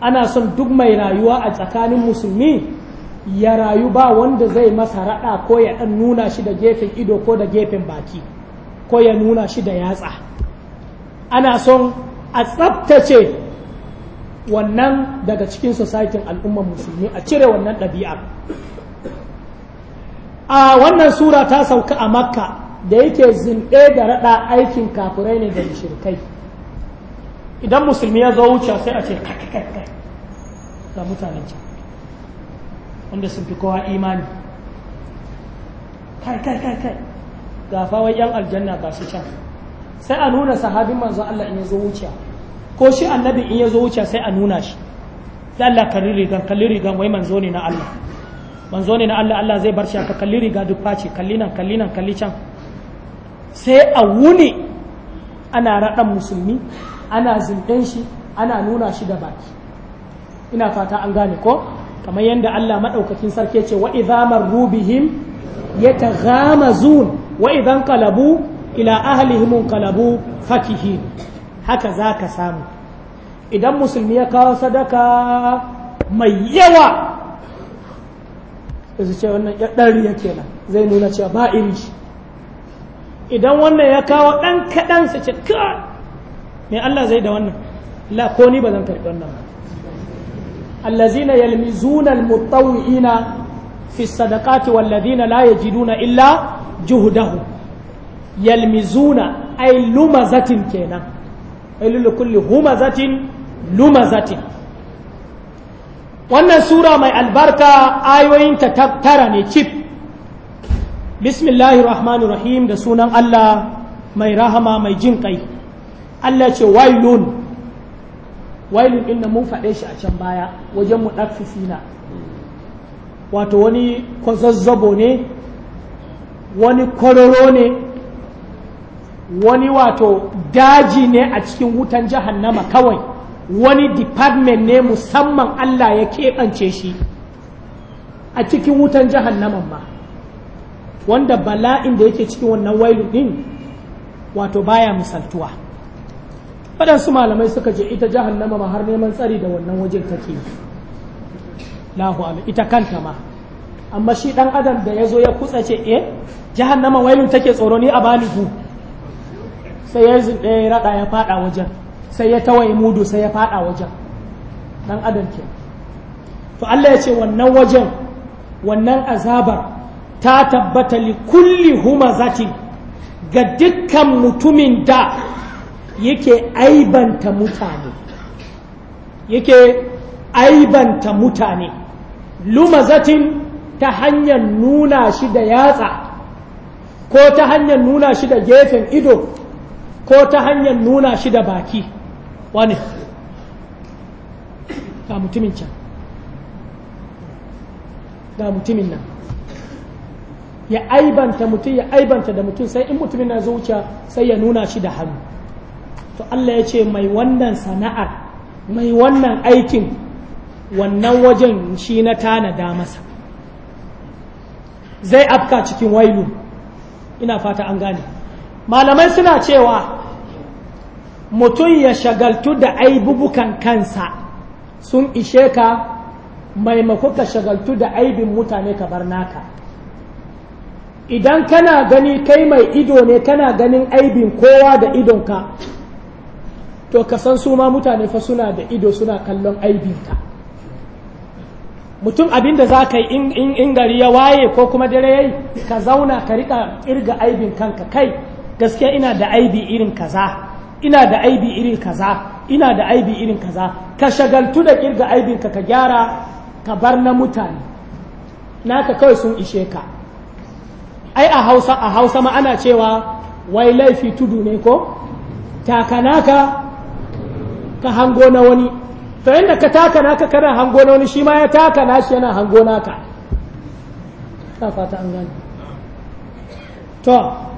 ana son duk mai rayuwa a tsakanin musulmi ya rayu ba wanda zai masa raɗa ko ya ɗan nuna shi da gefen ido ko da gefen baki ko ya nuna shi da yatsa ana son a tsabtace wannan daga cikin sosaitin al'ummar musulmi a cire wannan ɗabi'ar a wannan sura ta sauka a makka da yake zinɗe da raɗa aikin kafirai ne da shirkai idan musulmi ya zo wuce sai a ce kakakakkai ga mutanen can wanda sun fi kowa imani kai kai kai kai ga fawai yan aljanna ba su can sai a nuna sahabin manzo Allah in ya zo wuce ko shi annabi in ya zo wuce sai a nuna shi sai Allah kalli rigan kalli rigan wai manzo ne na Allah manzo ne na Allah Allah zai bar shi aka kalli riga duk face kalli nan kalli nan kalli can sai a wuni ana raɗan musulmi ana zinɗen shi ana nuna shi da baki ina fata an gane ko kamar yadda Allah maɗaukakin sarki ce wa idhamar rubihim yataghamazun wa idan kalabu ila ahlihim kalabu fakihin haka za ka samu idan musulmi ya kawo sadaka mai yawa da su ce wannan ya ɗan riya kenan zai nuna cewa ba iri idan wannan ya kawo ɗan kaɗan su ce ka me Allah zai da wannan la ko ni ba zan karɓi wannan ba allazina yalmizuna almutawwi'ina fi sadaqati wallazina la yajiduna illa juhdahu yalmizuna ay lumazatin kenan ay kulli humazatin lumazatin wannan sura mai albarka ayoyinta tara ne cif bismillahir rahmanir rahim da sunan Allah mai rahama mai jin kai Allah ce wailun wailun inda mun faɗe shi a can baya wajen mu ɗafifina wato wani kwazazzabo ne wani kwararo ne wani wato daji ne a cikin wutan jahannama kawai wani department ne musamman Allah ya keɓance shi a cikin wutan jahannaman ma wanda bala'in da yake cikin wannan wailu din wato baya misaltuwa waɗansu malamai suka je ita jahannama ma har neman tsari da wannan wajen take lahu ita kanta ma amma shi ɗan adam da ya zo ya kutsa ce e eh jahannama wailu take tsoro ni a bani ku sai ya eh, raɗa ya faɗa wajen sai ya tawaye mudu sai ya fada wajen ɗan adam ke to Allah ya ce wannan wajen wannan azabar ta tabbata li kulli humazatin ga dukkan mutumin da yake aibanta mutane yake aibanta mutane lumazatin ta hanyar nuna shi da yatsa ko ta hanyar nuna shi da gefen ido ko ta hanyar nuna shi da baki wani ga mutumin can ga mutumin nan ya aibanta mutum ya aibanta da mutum sai in mutumin na zuciya sai ya nuna shi da hannu to Allah ya ce mai wannan sana'ar mai wannan aikin wannan wajen shi na tanada masa zai afka cikin wailu ina fata an gane malamai suna cewa mutum ya shagaltu da aibubukan kansa sun ishe ka maimako ka shagaltu da aibin mutane ka bar naka idan kana gani kai mai ido ne kana ganin aibin kowa da idonka to ka san su ma mutane fa suna da ido suna kallon ka, mutum abin da za ka yi in gari ya waye ko kuma dare ya ka zauna ka rika irga aibin kanka kai gaskiya ina da aibi irin kaza ina da aibi irin kaza ina da aibi irin kaza ka shagaltu da kirga aibinka ka gyara ka bar na mutane naka kawai sun ishe ka ai a hausa a hausa ma ana cewa wai laifi tudu ne ko taka naka ka hango na wani to yadda ka taka naka kana hango na wani shi ma ya taka nashi yana hango naka ta fata an gani to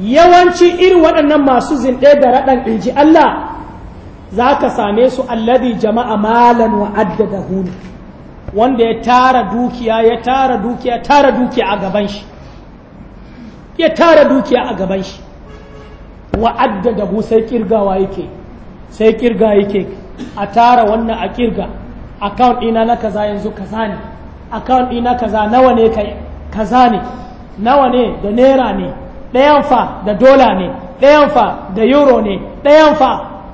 yawanci irin waɗannan masu zinɗe da raɗan inji Allah za ka same su alladi jama'a malan wa addada huni wanda ya tara dukiya ya tara dukiya tara dukiya a gaban shi ya tara dukiya a gaban shi wa addada hu sai kirgawa yake sai kirga yake a tara wannan a kirga account ɗina na kaza yanzu kaza ne account ɗina kaza nawa ne kaza ne nawa ne da naira ne ɗayan fa da dola ne ɗayan fa da euro ne ɗayan fa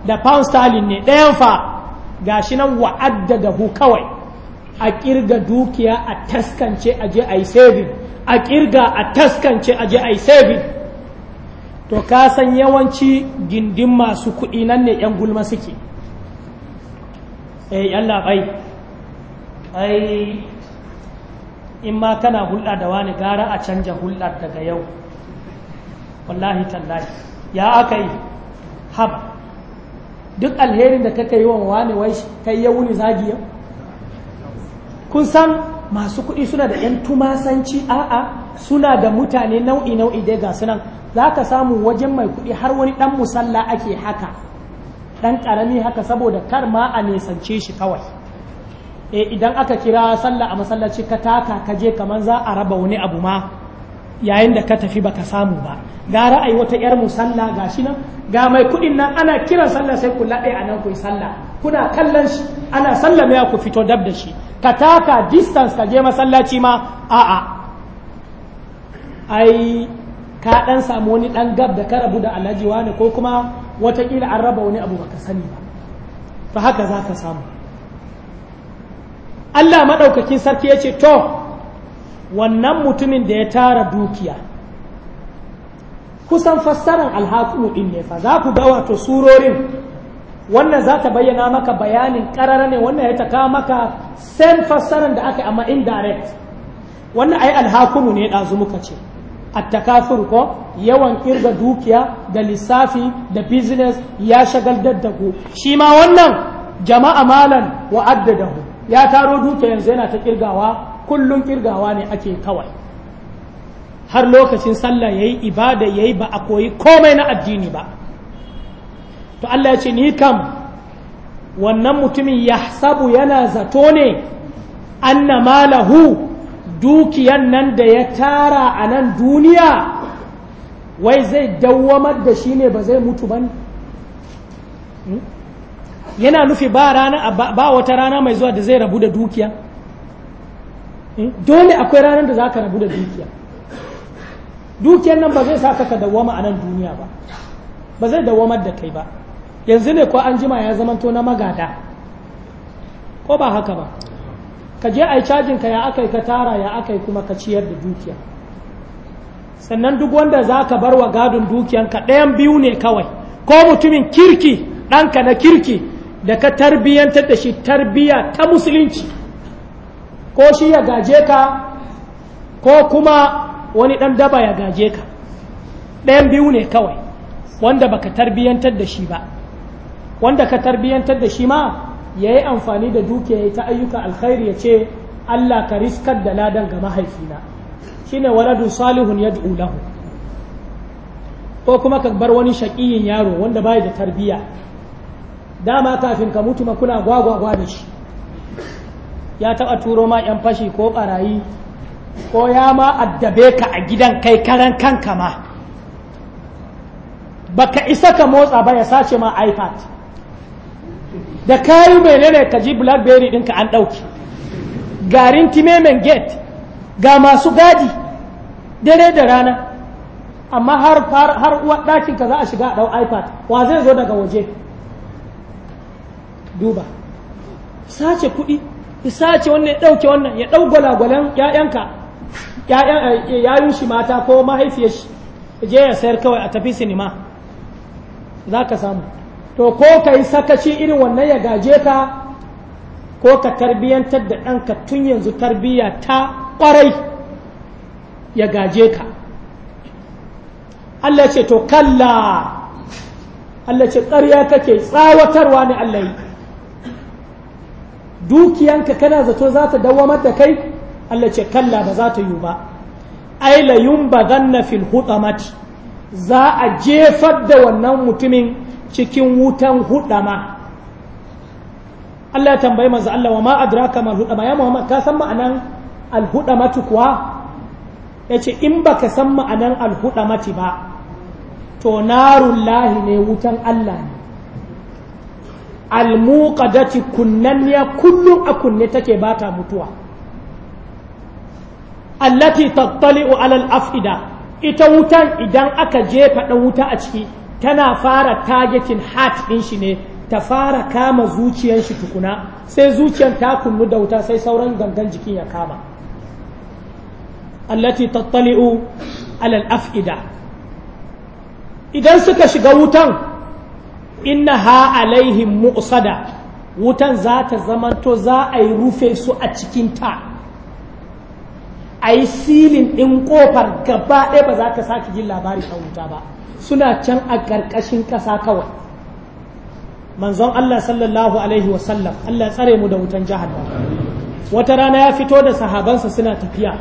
da pound sterling ne ɗayan fa ga shi nan wa'adda da hu kawai a kirga dukiya a taskance a je a yi saving a kirga a taskance a je a yi saving to ka san yawanci gindin masu kuɗi nan ne 'yan gulma suke eh yalla bai ai in ma kana hulɗa da wani gara a canja hulɗar daga yau wallahi tallahi ya aka yi haba duk alherin da kaka yi wa wani wai kai ya wuni zagi yau kun san masu kuɗi suna da 'yan tumasanci a'a suna da mutane nau'i nau'i dai ga sunan za ka samu wajen mai kuɗi har wani ɗan musalla ake haka ɗan ƙarami haka saboda kar ma a nesance shi kawai e idan aka kira sallah a masallaci ka taka ka je kamar za a raba wani abu ma yayin da ka tafi baka samu ba ga ra'ayi wata yar musalla ga shi nan ga mai kuɗin nan ana kiran sallah sai ku laɗe a nan ku yi sallah kuna kallon shi ana sallah ya ku fito dab da shi ka taka distance ka je masallaci ma a'a ai ka ɗan samu wani ɗan gab da ka rabu da alhaji wani ko kuma wata kila an raba wani abu baka sani ba to haka za samu Allah maɗaukakin sarki ya ce to wannan mutumin da ya tara dukiya kusan fassaran alhakumu din ne fa za ku ga wato surorin wannan za ta bayyana maka bayanin karara ne wannan ya taka maka same fassarar da aka amma indirect wannan ai alhakumu ne ɗazu muka ce attakafir ko yawan kirga dukiya da lissafi da business ya shagal daddaku shi ma wannan jama'a malan wa'adda addadahu ya taro dukiya yanzu yana ta kirgawa kullum kirgawa ne ake kawai har lokacin sallah yayi ibada yayi ba a koyi komai na addini ba to Allah ya ce ni kam wannan mutumin ya yahsabu yana zato ne anna malahu dukiyan nan da ya tara a nan duniya wai zai dawwamar da shi ne ba zai mutu ba hmm? yana nufi ba wata rana mai zuwa da zai rabu da dukiya dole akwai ranar da za ka rabu da dukiya dukiyar nan ba zai sa ka dawwama a nan duniya ba ba zai dawwamar da kai ba yanzu ne ko an jima ya zamanto na magada ko ba haka ba ka je a yi cajinka ya aka ka tara ya aka kuma ka ciyar da dukiya sannan duk wanda za ka bar wa gadon dukiyanka ɗayan biyu ne kawai ko mutumin kirki ɗanka na kirki da ka tarbiyyantar da shi tarbiyya ta musulunci ko shi ya gaje ka ko kuma wani ɗan daba ya gaje ka ɗayan biyu ne kawai wanda baka tarbiyyantar da shi ba wanda ka tarbiyyantar da shi ma ya yi amfani da yi ta ayyuka alkhairi ya ce Allah ka riskar da ladan ga mahaifina shine waladun salihun ya lahu ko kuma ka bar wani shaƙiyin yaro wanda bai da tarbiyya dama kafin ka mutu ma kuna gwagwagwa da shi ya taɓa turo ma 'yan fashi ko ɓarayi ko ya ma addabe ka a gidan kai karan kanka ma baka isa ka motsa ba ya sace ma ipad da kayu menene ka ji blackberry ɗinka an ɗauki garin timemen gate ga masu gadi dare da rana amma har har ɗakinka ɗakin ka za a shiga a ɗau ipad wa zai zo daga waje duba sace kuɗi ki sace wannan ya ɗauke wannan ya ɗau gwalagwalan ‘ya'yanka yayin eh, shi mata ko mahaifiyar shi je ya sayar kawai a tafi sinima za ka samu to ko ka yi sakaci irin wannan ya gaje ka ko ka tarbiyyantar da ɗanka tun yanzu tarbiyya ta ƙwarai ya gaje ka Allah ce to kalla Allah ce ƙarya kake tsawatarwa ne Allah yi dukiyanka kana zato za ta dawamar da kai Allah ce kalla ba za ta yi ba ai la yunbadanna fil hudamati za a jefar da wannan mutumin cikin wutan hudama Allah ya tambayi manzo Allah wa ma adraka mal hudama ya Muhammad ka san ma'anan al hudamatu kuwa yace in baka san ma'anan al hudamati ba to narullahi ne wutan Allah ne almuqadati kunnanniya kullum a kunne take ba ta mutuwa allati tattali'u alal af'ida ita wutan idan aka jefa da wuta a ciki tana fara targeting heart din shi ne ta fara kama zuciyar shi tukuna sai zuciyar ta kunnu da wuta sai sauran gangan jikin ya kama allati tattali'u alal af'ida idan suka shiga wutan ha alaihim mu'sada wutan za ta zamanto za a yi rufe su a cikin ta a silin ɗin ƙofar gaba ɗaya ba za ka sake jin labari a wuta ba suna can a ƙarƙashin ƙasa kawai manzon Allah sallallahu alaihi wasallam Allah tsare mu da wutan jahannama wata rana ya fito da sahabansa suna tafiya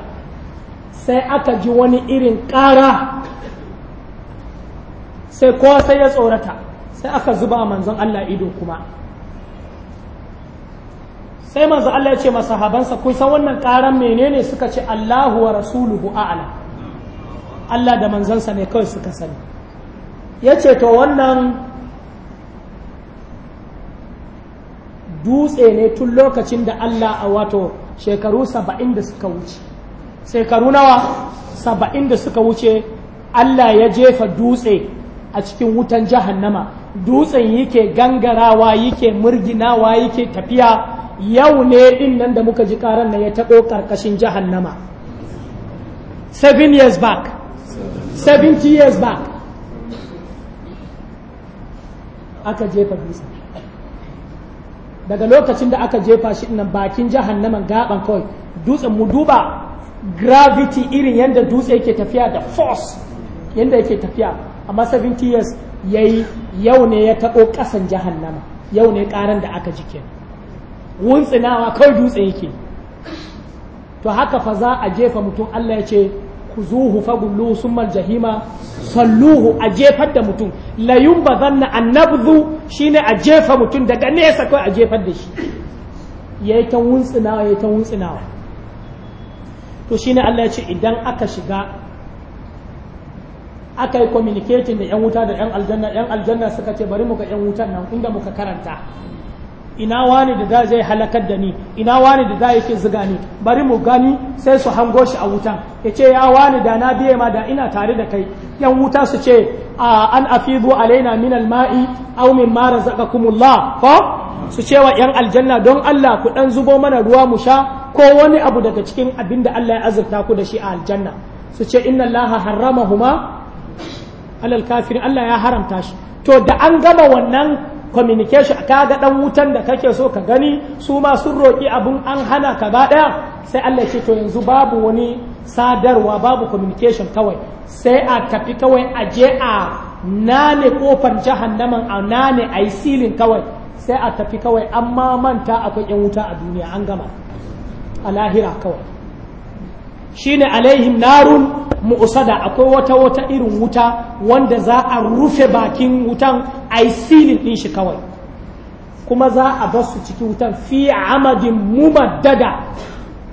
sai aka ji wani irin ƙara sai kowa sai ya tsorata sai aka zuba manzon Allah ido kuma sai manzon Allah ya ce masahabansa kun san wannan karan menene suka ce Allahu wa rasuluhu a'lam Allah da sa ne kawai suka sani ya ce to wannan dutse ne tun lokacin da Allah a wato shekaru saba'in da suka wuce shekaru nawa saba'in da suka wuce Allah ya jefa dutse a cikin wutan jahannama dutsen yake gangarawa yake murginawa yake tafiya yau ne din nan da muka ji karan na ya taɓo ƙarƙashin jahannama seven years back seventy years back aka jefa bisa daga lokacin da aka jefa shi nan bakin jahannaman gaban kawai dutsen mu duba gravity irin yadda dutse yake tafiya da force yadda yake tafiya amma 70 years yayi yau ne ya taɓo ƙasan jahannama yau ne ƙaran da aka jike wuntsinawa kawai dutse yake to haka fa za a jefa mutum Allah ya ce ku zuhu fagullu summal jahima salluhu a jefar da mutum layun ba zanna annabzu shine a jefa mutum daga nesa kawai a jefar da shi yi ta wuntsinawa yi ta wuntsinawa to shine Allah ya ce idan aka shiga aka yi communicating da yan wuta da yan aljanna yan aljanna suka ce bari ga yan wutan nan inda muka karanta ina wani da da zai halakar da ni ina wani da da yake ziga ni bari mu gani sai su hango shi a wutan ya ce ya wani da na biye ma da ina tare da kai yan wuta su ce an afidu alaina min alma'i aw min ma razaqakumullah ko su ce wa yan aljanna don Allah ku dan zubo mana ruwa mu sha ko wani abu daga cikin abin da Allah ya azurta ku da shi a aljanna su ce inna Allah huma. alal kafiri Allah ya haramta shi to da an gama wannan communication ka ga dan wutan da kake so ka gani su ma sun roki abun an hana ka ba daya sai Allah ya ce to yanzu babu wani sadarwa babu communication kawai sai a tafi kawai a je a nane kofar jahannaman a nane a yi silin kawai sai a tafi kawai amma manta akwai yan wuta a duniya an gama a lahira kawai shine alaihim narun mu'sada akwai wata wata irin wuta wanda za a rufe bakin wutan a yi silin ɗin shi kawai kuma za a bar su cikin wutan fi amadin mumaddada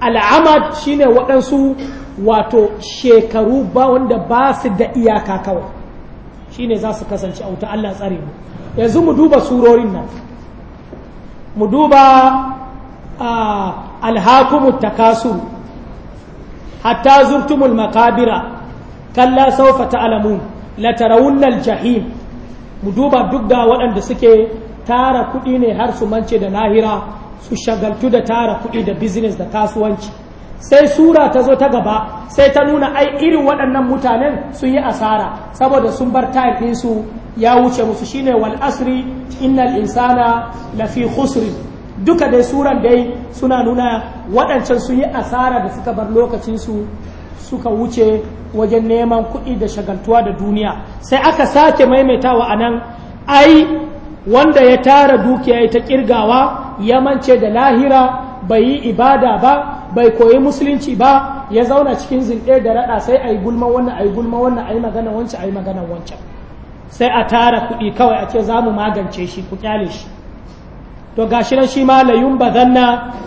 al'amad shine waɗansu wato shekaru ba wanda ba su da iyaka kawai shine za su kasance a wuta Allah tsare mu yanzu mu duba surorin nan mu duba ah, alhakumu takasuru hatta zurtumul makabira kalla saufa ta'lamun la tarawunnal jahim mu duba duk da waɗanda suke tara kuɗi ne har su mace da nahira su shagaltu da tara kuɗi da business da kasuwanci sai sura ta zo ta gaba sai ta nuna ai irin waɗannan mutanen sun yi asara saboda sun bar tayar ɗinsu ya wuce musu shine wal asri innal insana lafi khusri duka dai suran dai suna nuna waɗancan sun yi asara da suka bar lokacinsu suka wuce wajen neman kuɗi da shagaltuwa da duniya sai aka sake maimaitawa a nan ai wanda ya tara dukiya ta kirgawa ya mance da lahira bai yi ibada ba bai koyi musulunci ba ya zauna cikin zinɗe da raɗa sai a yi gulma wannan a yi gulma wannan a yi magana wancan a yi magana wancan sai a tara kuɗi kawai a ce za mu magance shi ku kyale shi to gashi nan shi ma la yumbazanna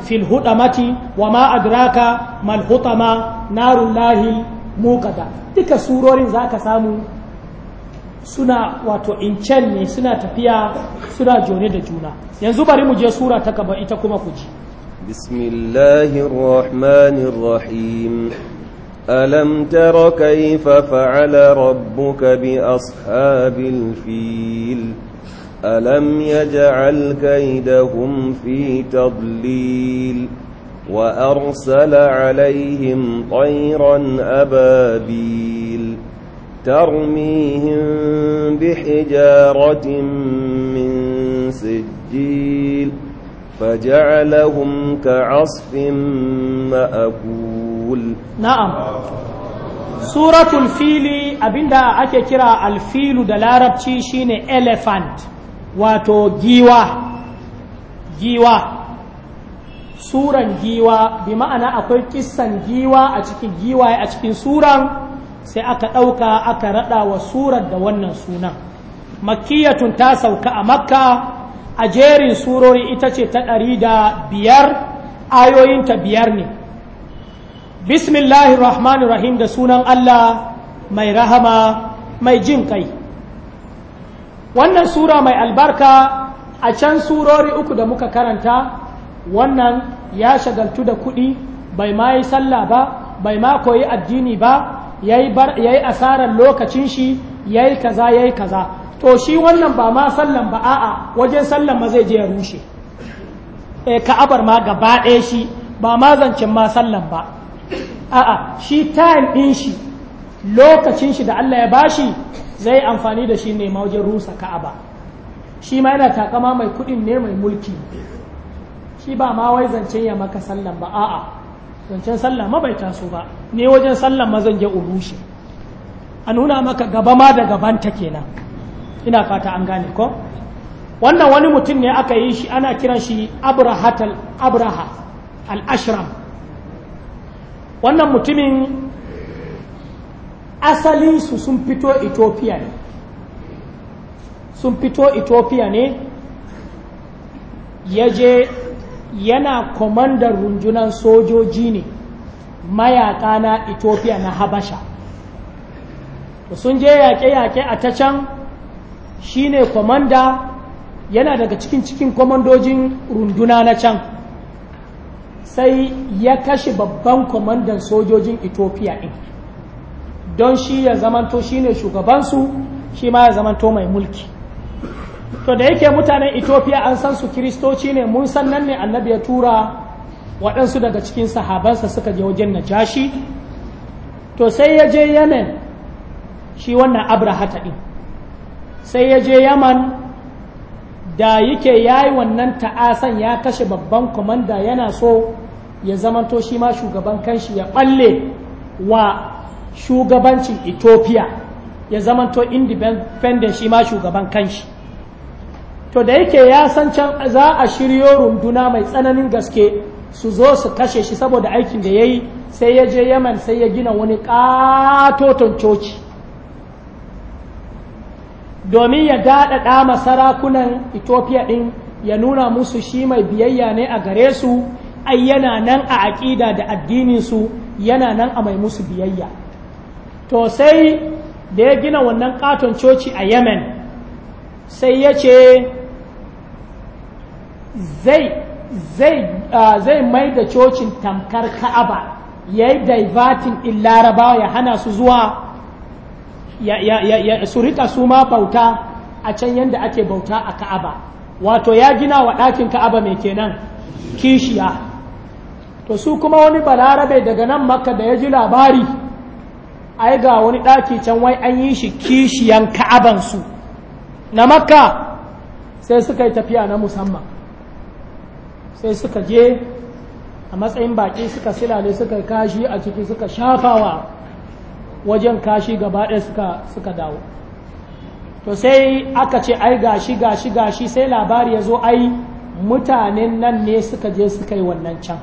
fil hudamati wa ma adraka mal hutama narul lahi muqada duka surorin zaka samu suna wato incen ne suna tafiya suna jone da juna yanzu bari mu je sura ta gaba ita kuma ku ji bismillahir rahmanir rahim alam tara kayfa fa'ala rabbuka bi ashabil fil ألم يجعل كيدهم في تضليل وأرسل عليهم طيرا أبابيل ترميهم بحجارة من سجيل فجعلهم كعصف مأكول نعم سورة الفيل أبندا أكي كرا الفيل دلاربتي شين elephant wato giwa giwa suran giwa bi ma'ana akwai kissan giwa a cikin giwa a cikin suran sai aka ɗauka aka raɗa wa surar da wannan sunan makiyatun ta sauka a makka a jerin surori ita ce ta ɗari da biyar ayoyinta biyar ne rahim. da sunan allah mai rahama mai jin kai wannan sura mai albarka a can surori uku da muka karanta wannan ya shagaltu da kuɗi bai ma yi sallah ba bai ma koyi addini ba ya yi asarar lokacin shi ya yi kaza ya yi kaza to shi wannan ba ma sallan ba a'a wajen sallan ma zai je ya rushe e ka'abar ma gaba ɗaya shi ba ma zancen ma sallan ba a'a shi time ɗin shi lokacin shi da Allah ya bashi zai amfani da shi ne wajen rusa ka'aba shi ma yana takama mai kuɗi ne mai mulki shi ba ma wai zancen ya maka sallan ba a'a zancen sallan ma bai taso ba ne wajen sallan ma zan je urushe a nuna maka gaba ma da gabanta kenan ina fata an gane ko wannan wani mutum ne aka yi shi ana kiran shi abraha al-ashram wannan mutumin asalinsu sun fito ethiopia ne sun fito ethiopia ne ya je yana komandar rundunar sojoji ne mayaka na ethiopia na habasha sun je yaƙe-yaƙe a ta can shi ne komanda yana daga cikin cikin komandojin runduna na can sai ya kashe babban komandan sojojin ethiopia ɗin don shi ya zamanto ne shugabansu shi ma ya zamanto mai mulki to da yake mutanen ethiopia an san su kiristoci ne mun san nan ne annabi ya tura waɗansu daga cikin sahabansa suka je wajen najashi to sai ya je yemen shi wannan abrahata ɗin sai ya je yaman da yake ya yi wannan ta'asan ya kashe babban kwamanda yana so ya zamanto shi ma shugaban kanshi ya ɓalle wa shugabancin ethiopia ya zamanto independent shi ma shugaban kanshi to da yake ya san can za a shiryo runduna mai tsananin gaske su zo su kashe shi saboda aikin da ya yi sai ya je yaman sai ya gina wani katoton coci domin ya daɗaɗa ma sarakunan ethiopia ɗin ya nuna musu shi mai biyayya ne a gare su ai yana nan a aƙida da addininsu yana nan a mai musu biyayya to sai da ya gina wannan katon coci a yemen sai ya ce zai zai mai da cocin tamkar ka'aba ya yi daivatin in larabawa ya hana su zuwa su rika su ma bauta a can yadda ake bauta a ka'aba wato ya gina wa ɗakin ka'aba mai kenan kishiya to su kuma wani balarabe daga nan maka da ya ji labari ai ga wani ɗaki can wai an yi shi kishiyan ka'abansu na makka sai suka yi tafiya na musamman sai suka je a matsayin baƙi suka silale suka kashi a ciki suka shafawa wajen kashi gaba ɗaya suka, dawo to sai aka ce ai gashi gashi gashi sai labari ya zo ai mutanen nan ne suka je suka yi wannan can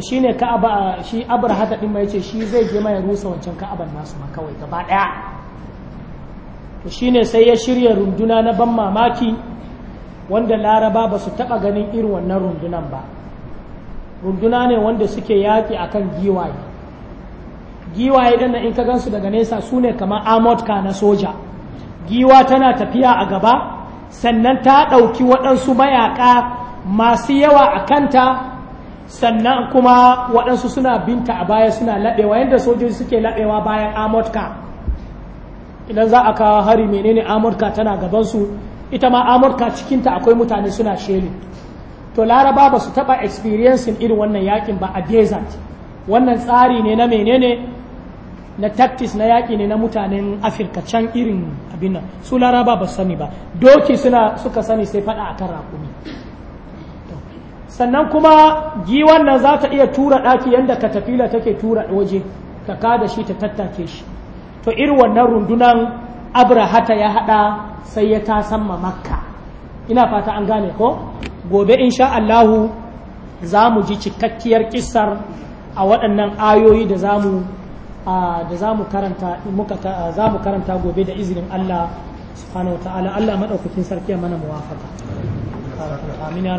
to shine ka'aba shi abraha ta ɗin mai yace shi zai je mai rusa wancan ka'aban nasu ma kawai gaba daya to shine sai ya shirya runduna na ban mamaki wanda laraba ba su taɓa ganin irin wannan rundunan ba runduna ne wanda suke yaƙi kan giwaye giwaye din nan in ka gansu daga nesa su ne kamar amodka na soja giwa tana tafiya a gaba sannan ta ɗauki waɗansu mayaƙa masu yawa a kanta sannan kuma waɗansu suna binta a baya suna laɗewa yadda sojoji suke laɗewa bayan amurka idan za a kawo hari menene amurka tana gabansu ita ma amurka cikinta akwai mutane suna shelin to laraba ba su taɓa experiencing irin wannan yakin ba a desert wannan tsari ne na menene na tactics na yaƙi ne na mutanen afirka can irin abin nan su laraba ba su sani ba doki suna suka sani sai faɗa akan rakumi sannan kuma giwan nan za ta iya tura ɗaki yadda katafila take tura waje ta da shi ta tattake shi to irin wannan rundunan abrahata ya haɗa sai ya tasamma makka ina fata an gane ko gobe insha Allahu za mu ji cikakkiyar kissar a waɗannan ayoyi da za mu karanta gobe da izinin Allah subhanahu wa ta'ala Allah madaukakin sarki mana muwafaka amin ya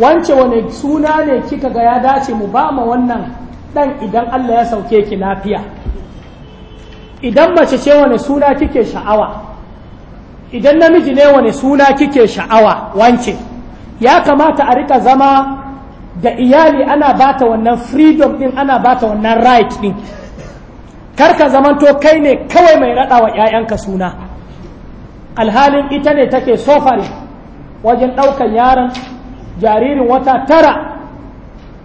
wance wane suna ne kika ga ya dace mu ba ma wannan dan idan Allah ya sauke ki lafiya idan mace ce wane suna kike sha'awa idan namiji ne wane suna kike sha'awa wance ya kamata a rika zama da iyali ana bata wannan freedom din ana bata wannan right din karka zamanto kai ne kawai mai raɗawa wa 'ya'yanka suna alhalin ita ne take fari wajen ɗaukan yaron jaririn wata tara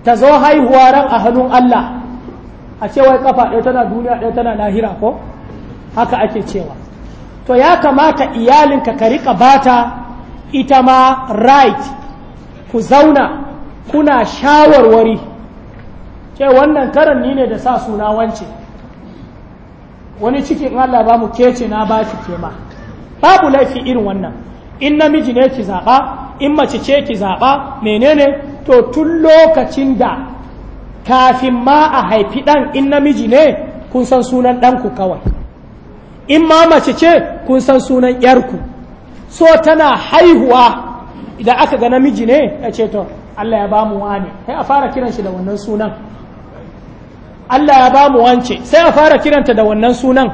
ta zo haihuwa ran a hannun Allah a cewa kafa ɗaya tana duniya ɗaya tana lahira ko haka ake cewa to ya kamata iyalinka ka riƙa bata ita ma right ku zauna kuna shawarwari ce wannan karan ni ne da sa suna wance wani cikin Allah ba mu kece na ba shi kema babu laifi irin wannan in namiji ne ki zaɓa in mace ce ki zaɓa menene to tun lokacin da kafin ma a haifi ɗan in namiji ne kun san sunan ɗanku kawai in ma mace ce kun san sunan ƴarku so tana haihuwa idan aka ga namiji ne ya ce to Allah ya ba mu wane sai a fara kiran shi da wannan sunan Allah ya ba mu wance sai a fara kiranta da wannan sunan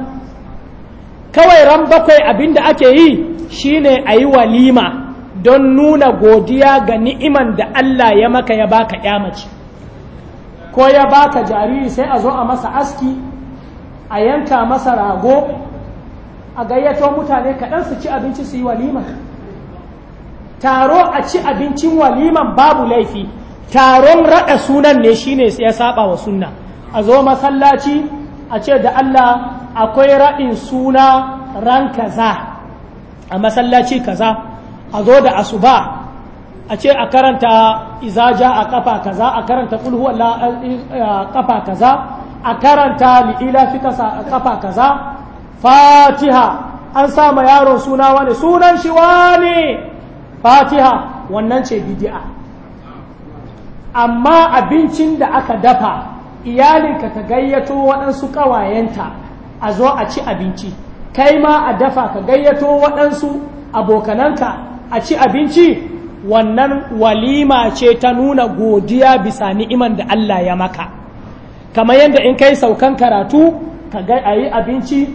kawai ran bakwai abinda ake yi shine a yi walima don nuna godiya ga ni'iman da Allah ya maka ya baka mace ko ya baka jariri sai a zo a masa aski a yanka masa rago a gayyato mutane kaɗan su ci abinci su yi walima taro a ci abincin waliman babu laifi taron raɗa sunan ne shine ya saba wa sunna a zo masallaci a ce da Allah akwai raɗin suna za. a masallaci kaza a zo da asuba a ce a karanta izaja a kafa kaza a karanta kulhu a kafa kaza a karanta li'ila fi a kafa kaza fatiha an sa ma yaron suna wani sunan shi wani fatiha wannan ce bidi'a amma abincin da aka dafa iyalinka ta gayyato waɗansu ƙawayenta a zo a ci abinci kai ma a dafa ka gayyato waɗansu abokananka a ci abinci wannan walima ce ta nuna godiya bisa ni'iman da Allah ya maka kamar yadda in kai saukan karatu ka yi abinci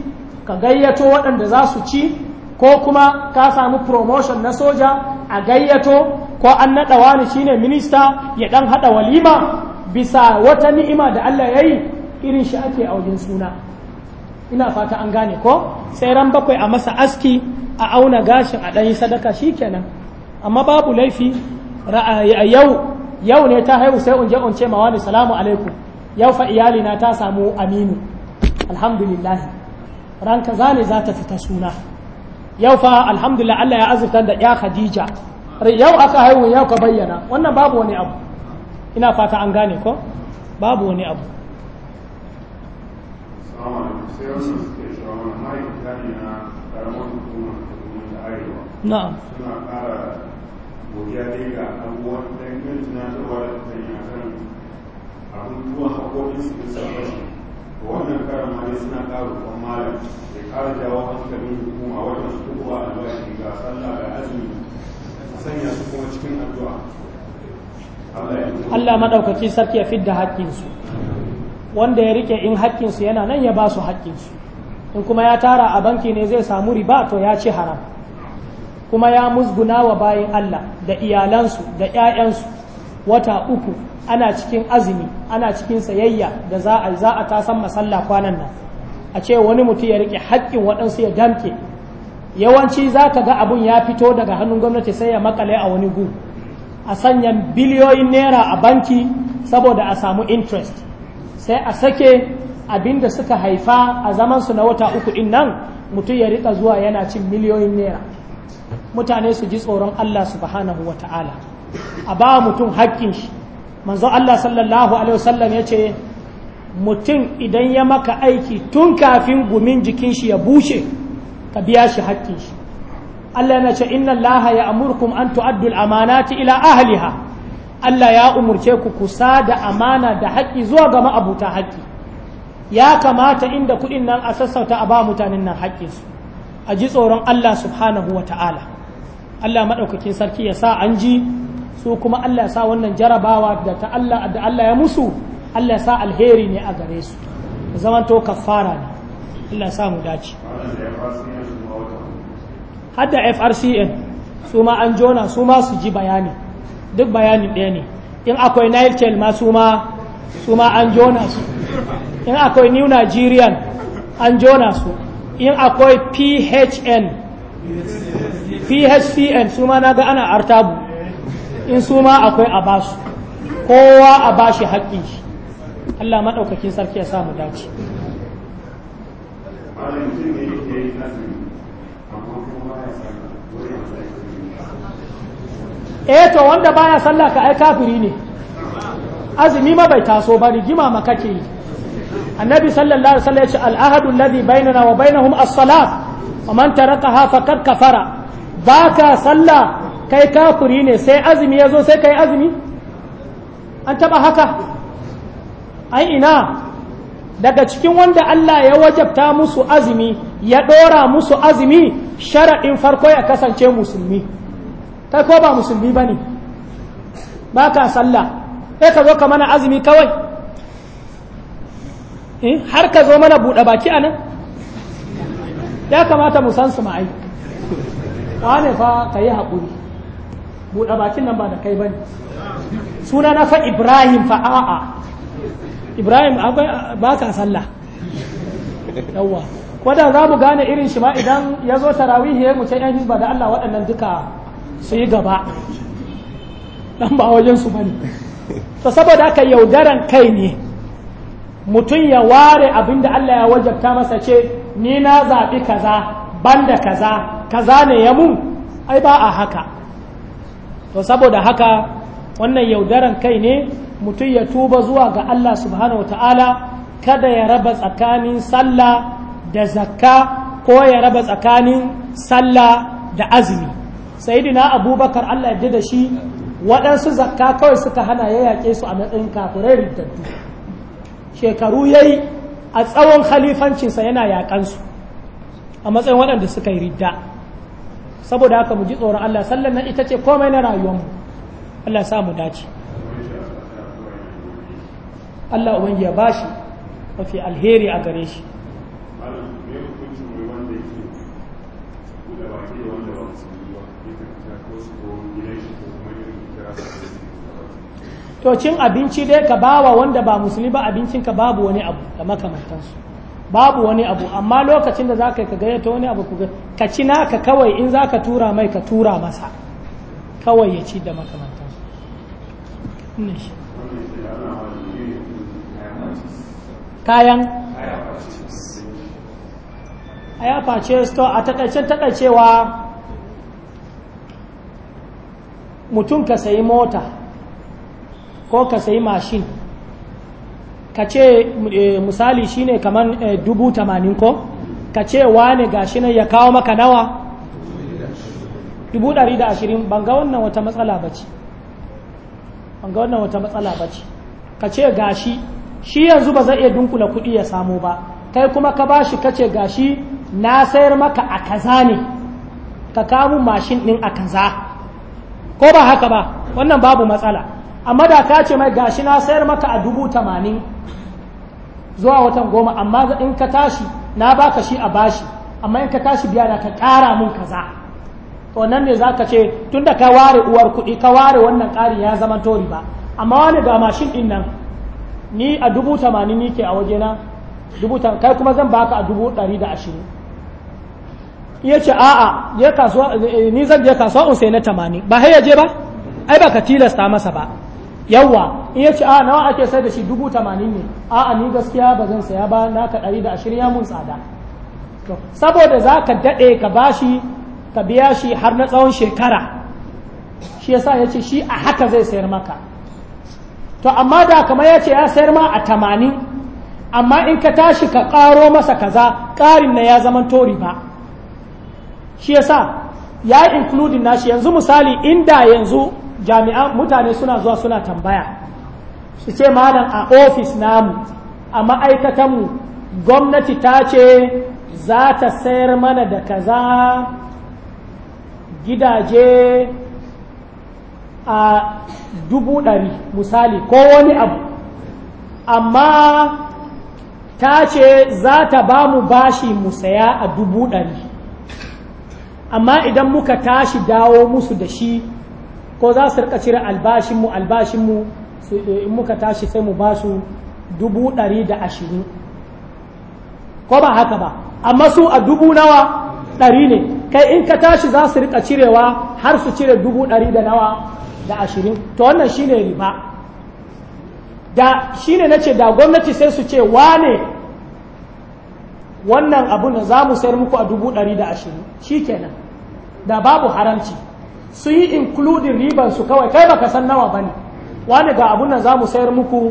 ka gayyato waɗanda za su ci ko kuma ka sami promotion na soja a gayyato ko an naɗa wani shine minista ya ɗan haɗa walima bisa wata ni'ima da Allah ya yi irin shi ake a wajen suna ina fata an gane ko sai ran bakwai a masa aski a auna gashin a ɗanyi sadaka shikenan amma babu laifi yau yau ne ta haihu sai unje unce ma wani salamu alaikum yau fa iyalina ta samu aminu alhamdulillah ran kaza ne za ta fita suna yau fa alhamdulillah Allah ya azurta da ya Khadija yau aka haihu yau ka bayyana wannan babu wani abu ina fata an gane ko babu wani abu sai wasu karamar da hukuma Allah maɗaukaki sarki ya fidda haƙƙinsu wanda ya rike in haƙƙinsu yana nan ya ba su haƙƙinsu in kuma ya tara a banki ne zai samu riba to ya ci haram kuma ya musguna wa bayan Allah da iyalansu da 'ya'yansu wata uku ana cikin azumi ana cikin sayayya da za a za a tasan masalla kwanan nan a ce wani mutum ya rike haƙƙin waɗansu ya damke yawanci za ka ga abun ya fito daga hannun gwamnati sai ya makale a wani gu a sanya biliyoyin naira a banki saboda a samu interest sai a sake abin da suka haifa a zamansu na wata uku in nan mutum ya rika zuwa yana cin miliyoyin naira mutane su ji tsoron Allah subhanahu wa ta'ala a ba mutum haƙƙin shi manzo Allah sallallahu alaihi wasallam ya ce mutum idan ya maka aiki tun kafin gumin jikin shi ya bushe ka biya shi haƙƙin shi Allah ya ce inna Allah ya amurkum an tu'addu al-amanati ila ahliha Allah ya umurce ku kusa da amana da haƙƙi zuwa ga ma'abuta haƙƙi ya kamata inda kuɗin nan a sassauta a ba mutanen nan haƙƙinsu a ji tsoron Allah subhanahu wa ta'ala Allah maɗaukakin sarki ya sa an ji su kuma Allah ya sa wannan jarabawa da ta Allah da Allah ya musu Allah ya sa alheri ne a gare su zamanto kafara ne Allah ya sa mu dace hadda FRCN su ma an jona su ma su ji bayani duk bayanin ɗaya ne in akwai nile child ma su ma su ma an jona su in akwai new nigerian an jona su in akwai phn phcn su ma na ga ana artabu in su ma akwai a basu kowa a bashi haƙƙi Allah maɗaukakin sarki ya samu dace. eh to wanda baya sallah ka ai kafiri ne azumi ma bai taso ba gima ma kake yi annabi sallallahu alaihi wasallam ya ce al'ahadu alladhi bainana wa bainahum as-salat wa man tarakaha faqad kafara baka sallah kai kafiri ne sai azumi yazo sai kai azumi an taba haka ai ina daga cikin wanda Allah ya wajabta musu azumi ya dora musu azumi shara'in farko ya kasance musulmi kai ko ba musulmi ba ne ba ka sallah sai ka zo ka mana azumi kawai eh, har ka zo mana buɗe baki a nan ya kamata mu san su ma'ai wane fa ka yi haƙuri buɗe bakin nan ba da kai ba ne suna na fa ibrahim fa a'a ibrahim akwai ba ka sallah yawwa wadda za mu gane irin shi ma idan ya zo tarawihi ya mu ce yan hizba da allah waɗannan duka su yi gaba dan ba wajen su ne to saboda haka yaudaran kai ne mutum ya ware abin da Allah ya wajabta masa ce ni na zaɓi kaza banda kaza kaza ne ya mun ai ba a haka to saboda haka wannan yaudaran kai ne mutum ya tuba zuwa ga Allah subhanahu wa ta'ala kada ya raba tsakanin sallah da zakka ko ya raba tsakanin sallah da azumi sayidina abubakar allah ya da shi waɗansu zakka kawai suka hana ya yaƙe su a matsayin kafirai riddattu shekaru ya yi a tsawon khalifancinsa yana yaƙansu a matsayin waɗanda suka yi ridda saboda haka mu ji tsoron allah sallan na ita ce komai na rayuwarmu allah ya mu dace allah ubangiji ya bashi mafi alheri a gare shi to cin abinci dai ka bawa wanda ba musulmi ba abincin ka babu wani abu da makamantansu babu wani abu amma lokacin da zaka ka gayyata wani abu ku ka ci naka kawai in zaka tura mai ka tura masa kawai ya ci da makamantansu kayan a ya face store a taƙaice-taƙaice takaicewa mutum ka sayi mota ko ka sayi mashin ka ce eh, misali shine kamar eh, dubu tamanin ko ka ce wane gashi nan ya kawo maka nawa dubu ɗari da ashirin ban ga wannan wata matsala ba ce ban ga wannan wata matsala ba ce ka ce gashi shi yanzu ba zai iya dunkula kuɗi ya samu ba kai kuma ka ba shi ka ce gashi na sayar maka a kaza ne ka kamu mashin ɗin a kaza ko ba haka ba wannan babu matsala amma da ka ce mai gashi na sayar maka a dubu tamanin zuwa watan goma amma in ka tashi na baka shi a bashi amma in ka tashi biya na ka kara mun kaza to nan ne za ka ce tun da ka ware uwar kuɗi ka ware wannan ƙari ya zama tori ba amma wani ga mashin ɗin nan ni a dubu tamanin ni ke a waje na dubu kai kuma zan baka a dubu ɗari da ashirin iya ce a'a ya kasuwa eh, ni zan je kasuwa in sai na tamanin ba hai ya je ba ai ba ka tilasta masa ba yawa in ya ce a nawa ake sai da shi dubu tamanin ne a ni gaskiya ba zan saya ba naka ɗari da ashirin ya mun tsada saboda za ka daɗe ka ba shi ka biya shi har na tsawon shekara shi yasa ya ce shi a haka zai sayar maka to amma da kamar ya ce ya sayar ma a tamanin amma in ka tashi ka ƙaro masa kaza ƙarin na ya zama tori ba shi yasa ya including nashi yanzu misali inda yanzu jami'an mutane suna zuwa suna tambaya su ce malam a ofis namu a ma'aikatanmu gwamnati ta ce za ta sayar mana da kaza gidaje a dubu ɗari misali ko wani abu amma ta ce za ta ba mu bashi mu saya a dubu ɗari amma idan muka tashi dawo musu da shi ko za su rika cire albashinmu albashinmu su eh, in muka tashi sai mu ba su dubu ɗari da ashirin ko ba haka ba amma su a dubu nawa ɗari ne kai in ka tashi za su rika cirewa har su cire dubu ɗari da nawa da ashirin to wannan shi ne riba da shi ne na ce da gwamnati sai su ce wane wannan abun za mu sayar muku a dubu ɗari da ashirin shi kenan da babu haramci su yi including riban su kawai kai baka san nawa bane wani ga abun nan zamu sayar muku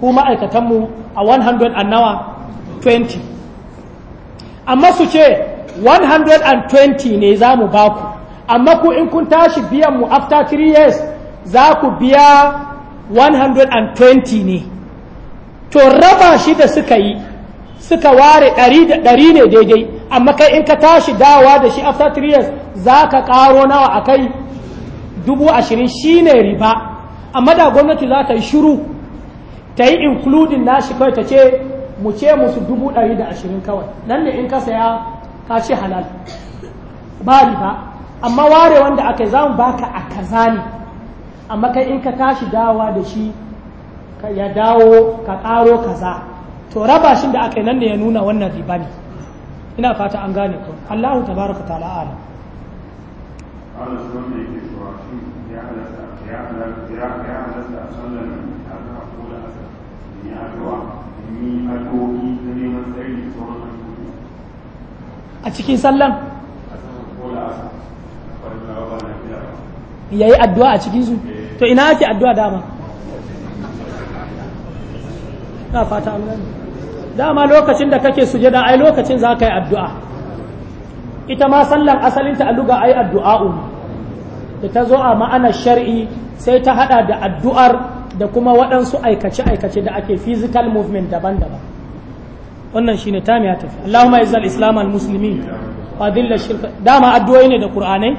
ku ma'aikatanmu mu a 100 and nawa 20 amma su ce 120 ne zamu baku amma ku in kun tashi biyan mu after 3 years za ku biya 120 ne to raba shi da suka yi suka ware 100 ne daidai amma kai in ka tashi dawa da shi after three years za ka karo nawa a kai dubu ashirin shi ne riba amma da gwamnati za ta yi shuru ta yi including nashi kai ta ce mu ce musu dubu ɗari da ashirin kawai nan ne in ka saya ka ce halal ba riba amma ware wanda aka yi za mu baka a kaza ne amma kai in ka tashi dawa da shi ya dawo ka ƙaro kaza to raba shi da aka yi nan ne ya nuna wannan riba ne ina fata an gane ku Allahu tabaraka ta'ala ala a cikin sallan yayi addu'a a cikin su eh. to ina ake addu'a dama na fata dama lokacin da kake sujada ai lokacin za ka yi addu'a ita ma sallan asalinta a luga ai addu'a'u da ta zo a ma'anar shar'i sai ta hada da addu'ar da kuma waɗansu aikace-aikace da ake physical movement daban-daban wannan shine ta ya tafi Allahumma izzal islam al muslimin wa dhilla shirka dama addu'o'i ne da kur'anai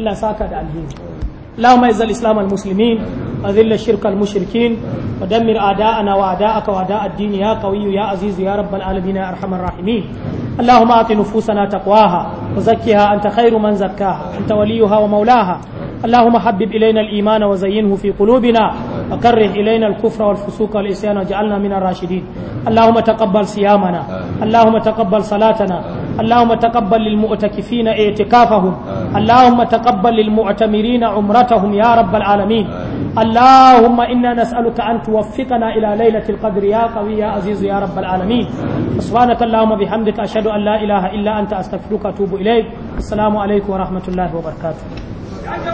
Allah saka da alheri اللهم اعز الاسلام المسلمين اذل الشرك المشركين ودمر اعداءنا واعداءك واعداء الدين يا قوي يا عزيز يا رب العالمين يا ارحم الراحمين اللهم اعط نفوسنا تقواها وزكها انت خير من زكاها انت وليها ومولاها اللهم حبب الينا الايمان وزينه في قلوبنا وكره إلينا الكفر والفسوق والعصيان واجعلنا من الراشدين اللهم تقبل صيامنا اللهم تقبل صلاتنا اللهم تقبل للمؤتكفين اعتكافهم اللهم تقبل للمعتمرين عمرتهم يا رب العالمين اللهم إنا نسألك أن توفقنا إلى ليلة القدر يا قوي يا عزيز يا رب العالمين سبحانك اللهم بحمدك أشهد أن لا إله إلا أنت أستغفرك وأتوب إليك السلام عليكم ورحمة الله وبركاته